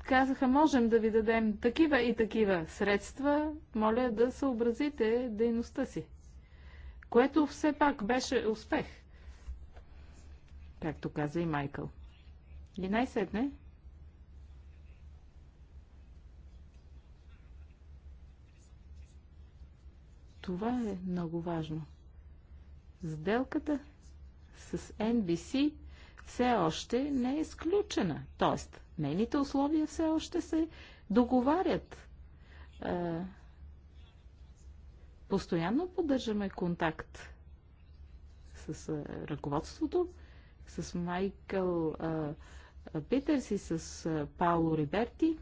казаха, можем да ви дадем такива и такива средства, моля да съобразите дейността си. Което все пак беше успех, както каза и Майкъл. И най-сетне Това е много важно. Сделката с NBC все още не е изключена. Тоест, Нейните условия все още се договарят. Постоянно поддържаме контакт с ръководството, с Майкъл Питерс и с Пауло Риберти.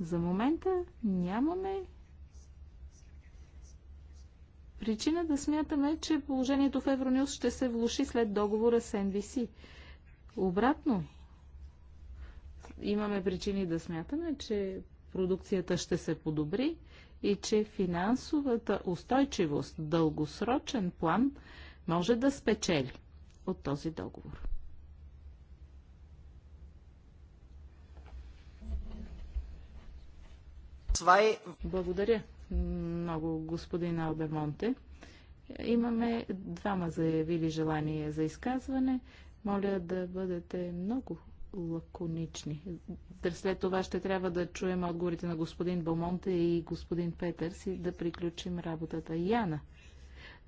За момента нямаме причина да смятаме, че положението в Евронюс ще се влуши след договора с NBC. Обратно, имаме причини да смятаме, че продукцията ще се подобри и че финансовата устойчивост, дългосрочен план, може да спечели от този договор. Благодаря много, господин Албемонте. Имаме двама заявили желание за изказване. Моля да бъдете много лаконични. След това ще трябва да чуем отговорите на господин Бомонте и господин Петърс и да приключим работата. Яна.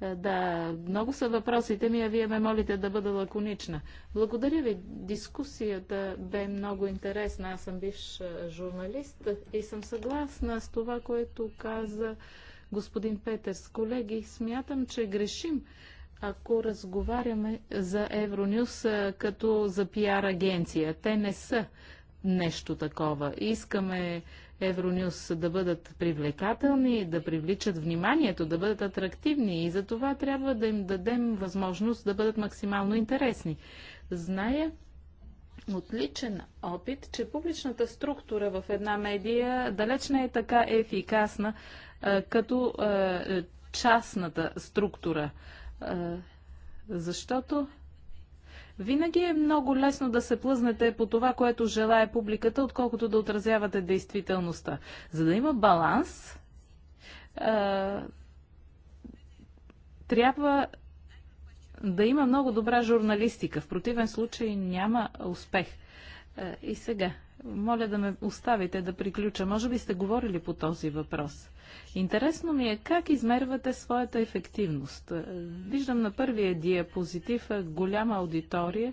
Е, да, много са въпросите ми, а вие ме молите да бъда лаконична. Благодаря ви. Дискусията бе много интересна. Аз съм бивш е, журналист и съм съгласна с това, което каза господин Петърс. Колеги, смятам, че грешим ако разговаряме за Евронюс като за пиар агенция. Те не са нещо такова. Искаме Евронюс да бъдат привлекателни, да привличат вниманието, да бъдат атрактивни и за това трябва да им дадем възможност да бъдат максимално интересни. Зная от личен опит, че публичната структура в една медия далеч не е така ефикасна, като частната структура. Защото винаги е много лесно да се плъзнете по това, което желая публиката, отколкото да отразявате действителността. За да има баланс, трябва да има много добра журналистика. В противен случай няма успех. И сега, моля да ме оставите да приключа. Може би сте говорили по този въпрос. Интересно ми е как измервате своята ефективност. Виждам на първия диапозитив голяма аудитория,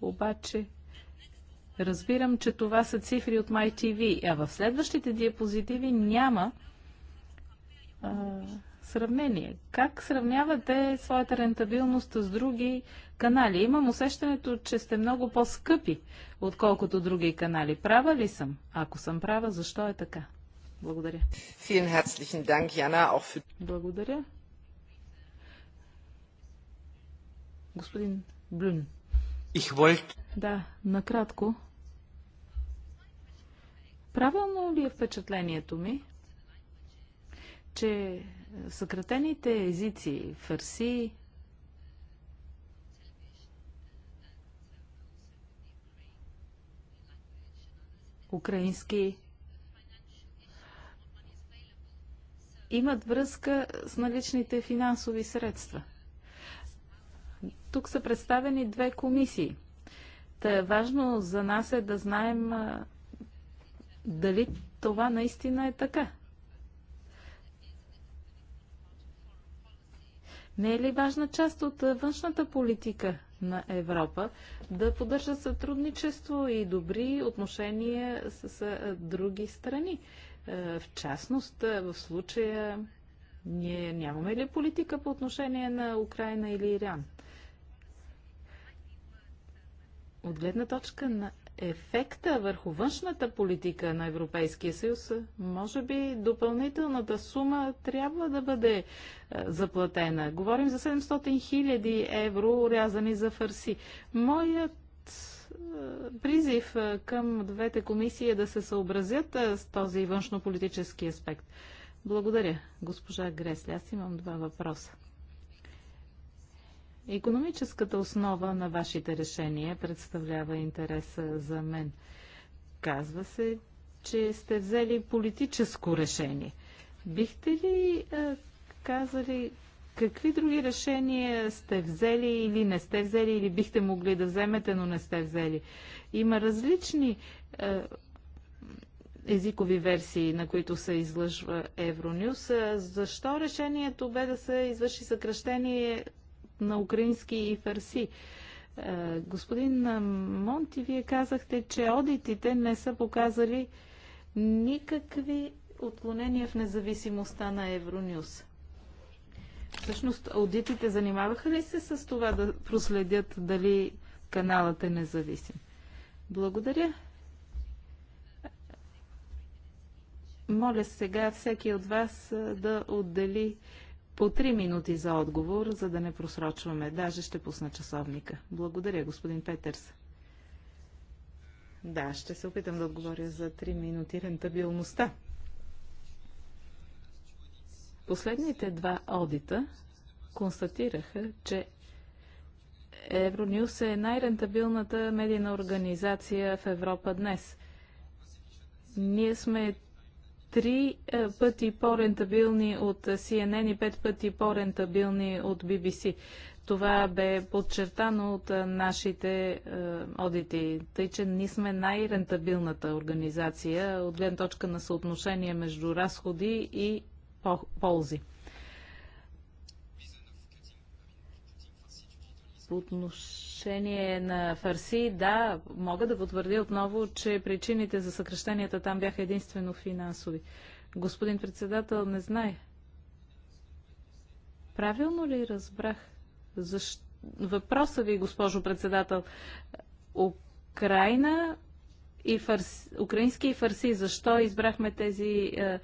обаче разбирам, че това са цифри от MyTV, а в следващите диапозитиви няма а, сравнение. Как сравнявате своята рентабилност с други канали? Имам усещането, че сте много по-скъпи отколкото други канали. Права ли съм? Ако съм права, защо е така? Благодаря. Благодаря. Господин Блюн. Да, накратко. Правилно ли е впечатлението ми, че съкратените езици фарси, украински имат връзка с наличните финансови средства. Тук са представени две комисии. Та е важно за нас е да знаем дали това наистина е така. Не е ли важна част от външната политика на Европа да поддържа сътрудничество и добри отношения с, с други страни. В частност, в случая ние нямаме ли политика по отношение на Украина или Иран? От гледна точка на ефекта върху външната политика на Европейския съюз, може би допълнителната сума трябва да бъде е, заплатена. Говорим за 700 хиляди евро, рязани за фарси. Моят е, призив е, към двете комисии е да се съобразят с този външнополитически аспект. Благодаря, госпожа Гресли. Аз имам два въпроса. Економическата основа на вашите решения представлява интереса за мен. Казва се, че сте взели политическо решение. Бихте ли е, казали какви други решения сте взели или не сте взели, или бихте могли да вземете, но не сте взели? Има различни е, езикови версии, на които се излъжва Евронюс. Е, защо решението бе да се извърши съкръщение на украински и фарси. Е, господин Монти, вие казахте, че одитите не са показали никакви отклонения в независимостта на Евронюс. Всъщност, аудитите занимаваха ли се с това да проследят дали каналът е независим? Благодаря. Моля сега всеки от вас е, да отдели по три минути за отговор, за да не просрочваме. Даже ще пусна часовника. Благодаря, господин Петърс. Да, ще се опитам да отговоря за три минути рентабилността. Последните два одита констатираха, че Евронюс е най-рентабилната медийна организация в Европа днес. Ние сме три е, пъти по-рентабилни от CNN и пет пъти по-рентабилни от BBC. Това бе подчертано от е, нашите е, одити, тъй че ние сме най-рентабилната организация от гледна точка на съотношение между разходи и ползи. По отношение на Фарси, да, мога да потвърдя отново, че причините за съкрещенията там бяха единствено финансови. Господин председател, не знае. Правилно ли разбрах? Защо? Въпроса ви, госпожо председател. Украина и фарси, украински и фарси. Защо избрахме тези е,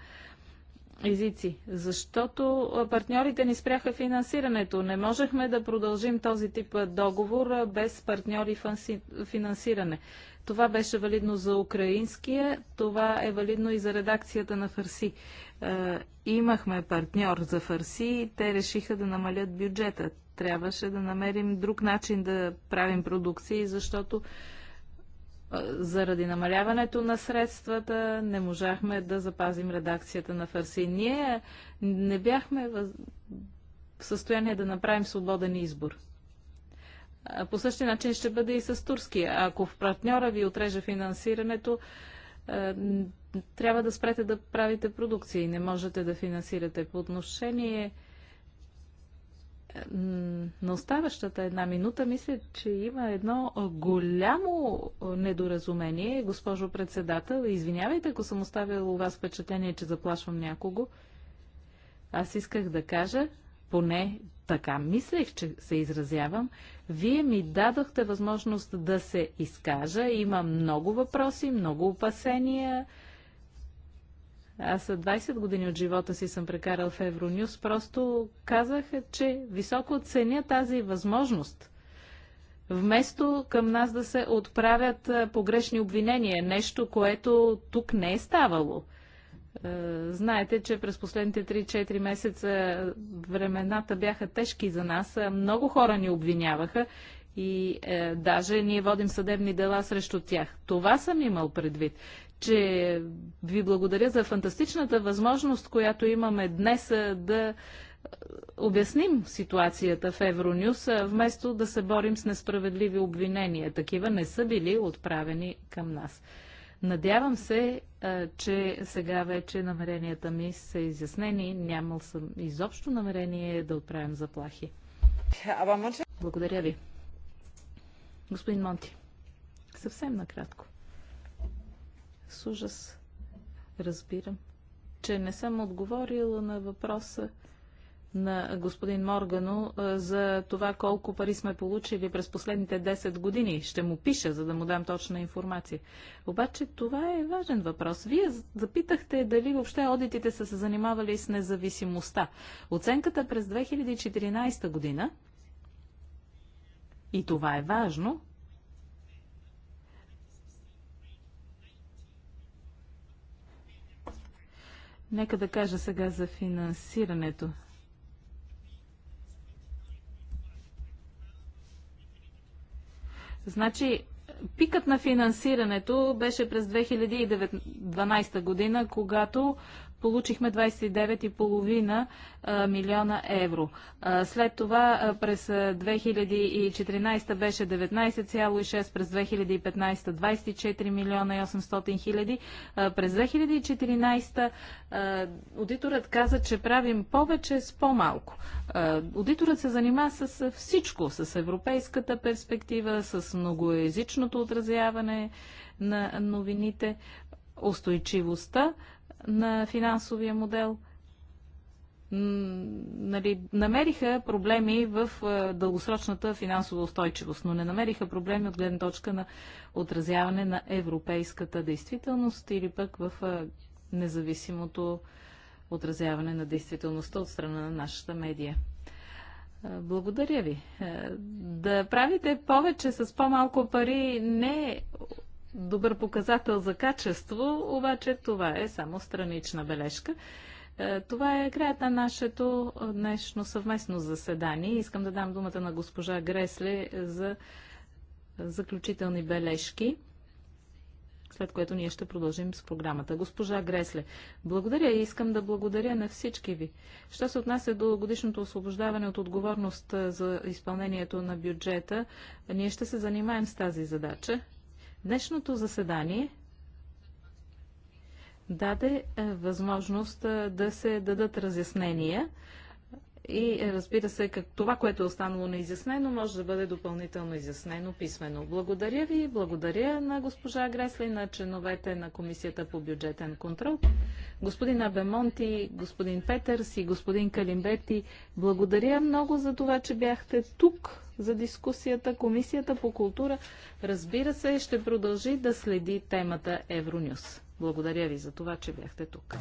езици, защото партньорите ни спряха финансирането. Не можехме да продължим този тип договор без партньори финансиране. Това беше валидно за украинския, това е валидно и за редакцията на Фарси. имахме партньор за Фарси и те решиха да намалят бюджета. Трябваше да намерим друг начин да правим продукции, защото заради намаляването на средствата не можахме да запазим редакцията на Фарси. Ние не бяхме в състояние да направим свободен избор. По същия начин ще бъде и с турския. Ако в партньора ви отреже финансирането, трябва да спрете да правите продукции. Не можете да финансирате. По отношение на оставащата една минута мисля, че има едно голямо недоразумение. Госпожо председател, извинявайте, ако съм оставила у вас впечатление, че заплашвам някого. Аз исках да кажа, поне така мислех, че се изразявам, вие ми дадохте възможност да се изкажа. Има много въпроси, много опасения аз 20 години от живота си съм прекарал в Евронюс. Просто казах, че високо ценя тази възможност. Вместо към нас да се отправят погрешни обвинения, нещо, което тук не е ставало. Знаете, че през последните 3-4 месеца времената бяха тежки за нас. Много хора ни обвиняваха и е, даже ние водим съдебни дела срещу тях. Това съм имал предвид че ви благодаря за фантастичната възможност, която имаме днес да обясним ситуацията в Евронюс, вместо да се борим с несправедливи обвинения. Такива не са били отправени към нас. Надявам се, че сега вече намеренията ми са изяснени. Нямал съм изобщо намерение да отправим заплахи. Благодаря ви. Господин Монти, съвсем накратко. С ужас разбирам, че не съм отговорила на въпроса на господин Моргано за това колко пари сме получили през последните 10 години. Ще му пиша, за да му дам точна информация. Обаче това е важен въпрос. Вие запитахте дали въобще одитите са се занимавали с независимостта. Оценката през 2014 година, и това е важно, Нека да кажа сега за финансирането. Значи, пикът на финансирането беше през 2012 година, когато получихме 29,5 милиона евро. След това през 2014 беше 19,6, през 2015 24 милиона и 800 хиляди. През 2014 аудиторът каза, че правим повече с по-малко. Аудиторът се занимава с всичко, с европейската перспектива, с многоязичното отразяване на новините, устойчивостта на финансовия модел, нали, намериха проблеми в е, дългосрочната финансова устойчивост, но не намериха проблеми от гледна точка на отразяване на европейската действителност или пък в е, независимото отразяване на действителността от страна на нашата медия. Е, благодаря ви. Да правите повече с по-малко пари не добър показател за качество, обаче това е само странична бележка. Е, това е краят на нашето е, днешно съвместно заседание. Искам да дам думата на госпожа Гресле за заключителни бележки, след което ние ще продължим с програмата. Госпожа Гресле, благодаря и искам да благодаря на всички ви. Що се отнася до годишното освобождаване от отговорност е, за изпълнението на бюджета, ние ще се занимаем с тази задача. Днешното заседание даде е, възможност е, да се дадат разяснения и е, разбира се, как това, което е останало неизяснено, може да бъде допълнително изяснено писменно. Благодаря ви, благодаря на госпожа Гресли, на членовете на Комисията по бюджетен контрол, господин Абемонти, господин Петърс и господин Калимбети. Благодаря много за това, че бяхте тук за дискусията. Комисията по култура, разбира се, ще продължи да следи темата Евронюс. Благодаря ви за това, че бяхте тук.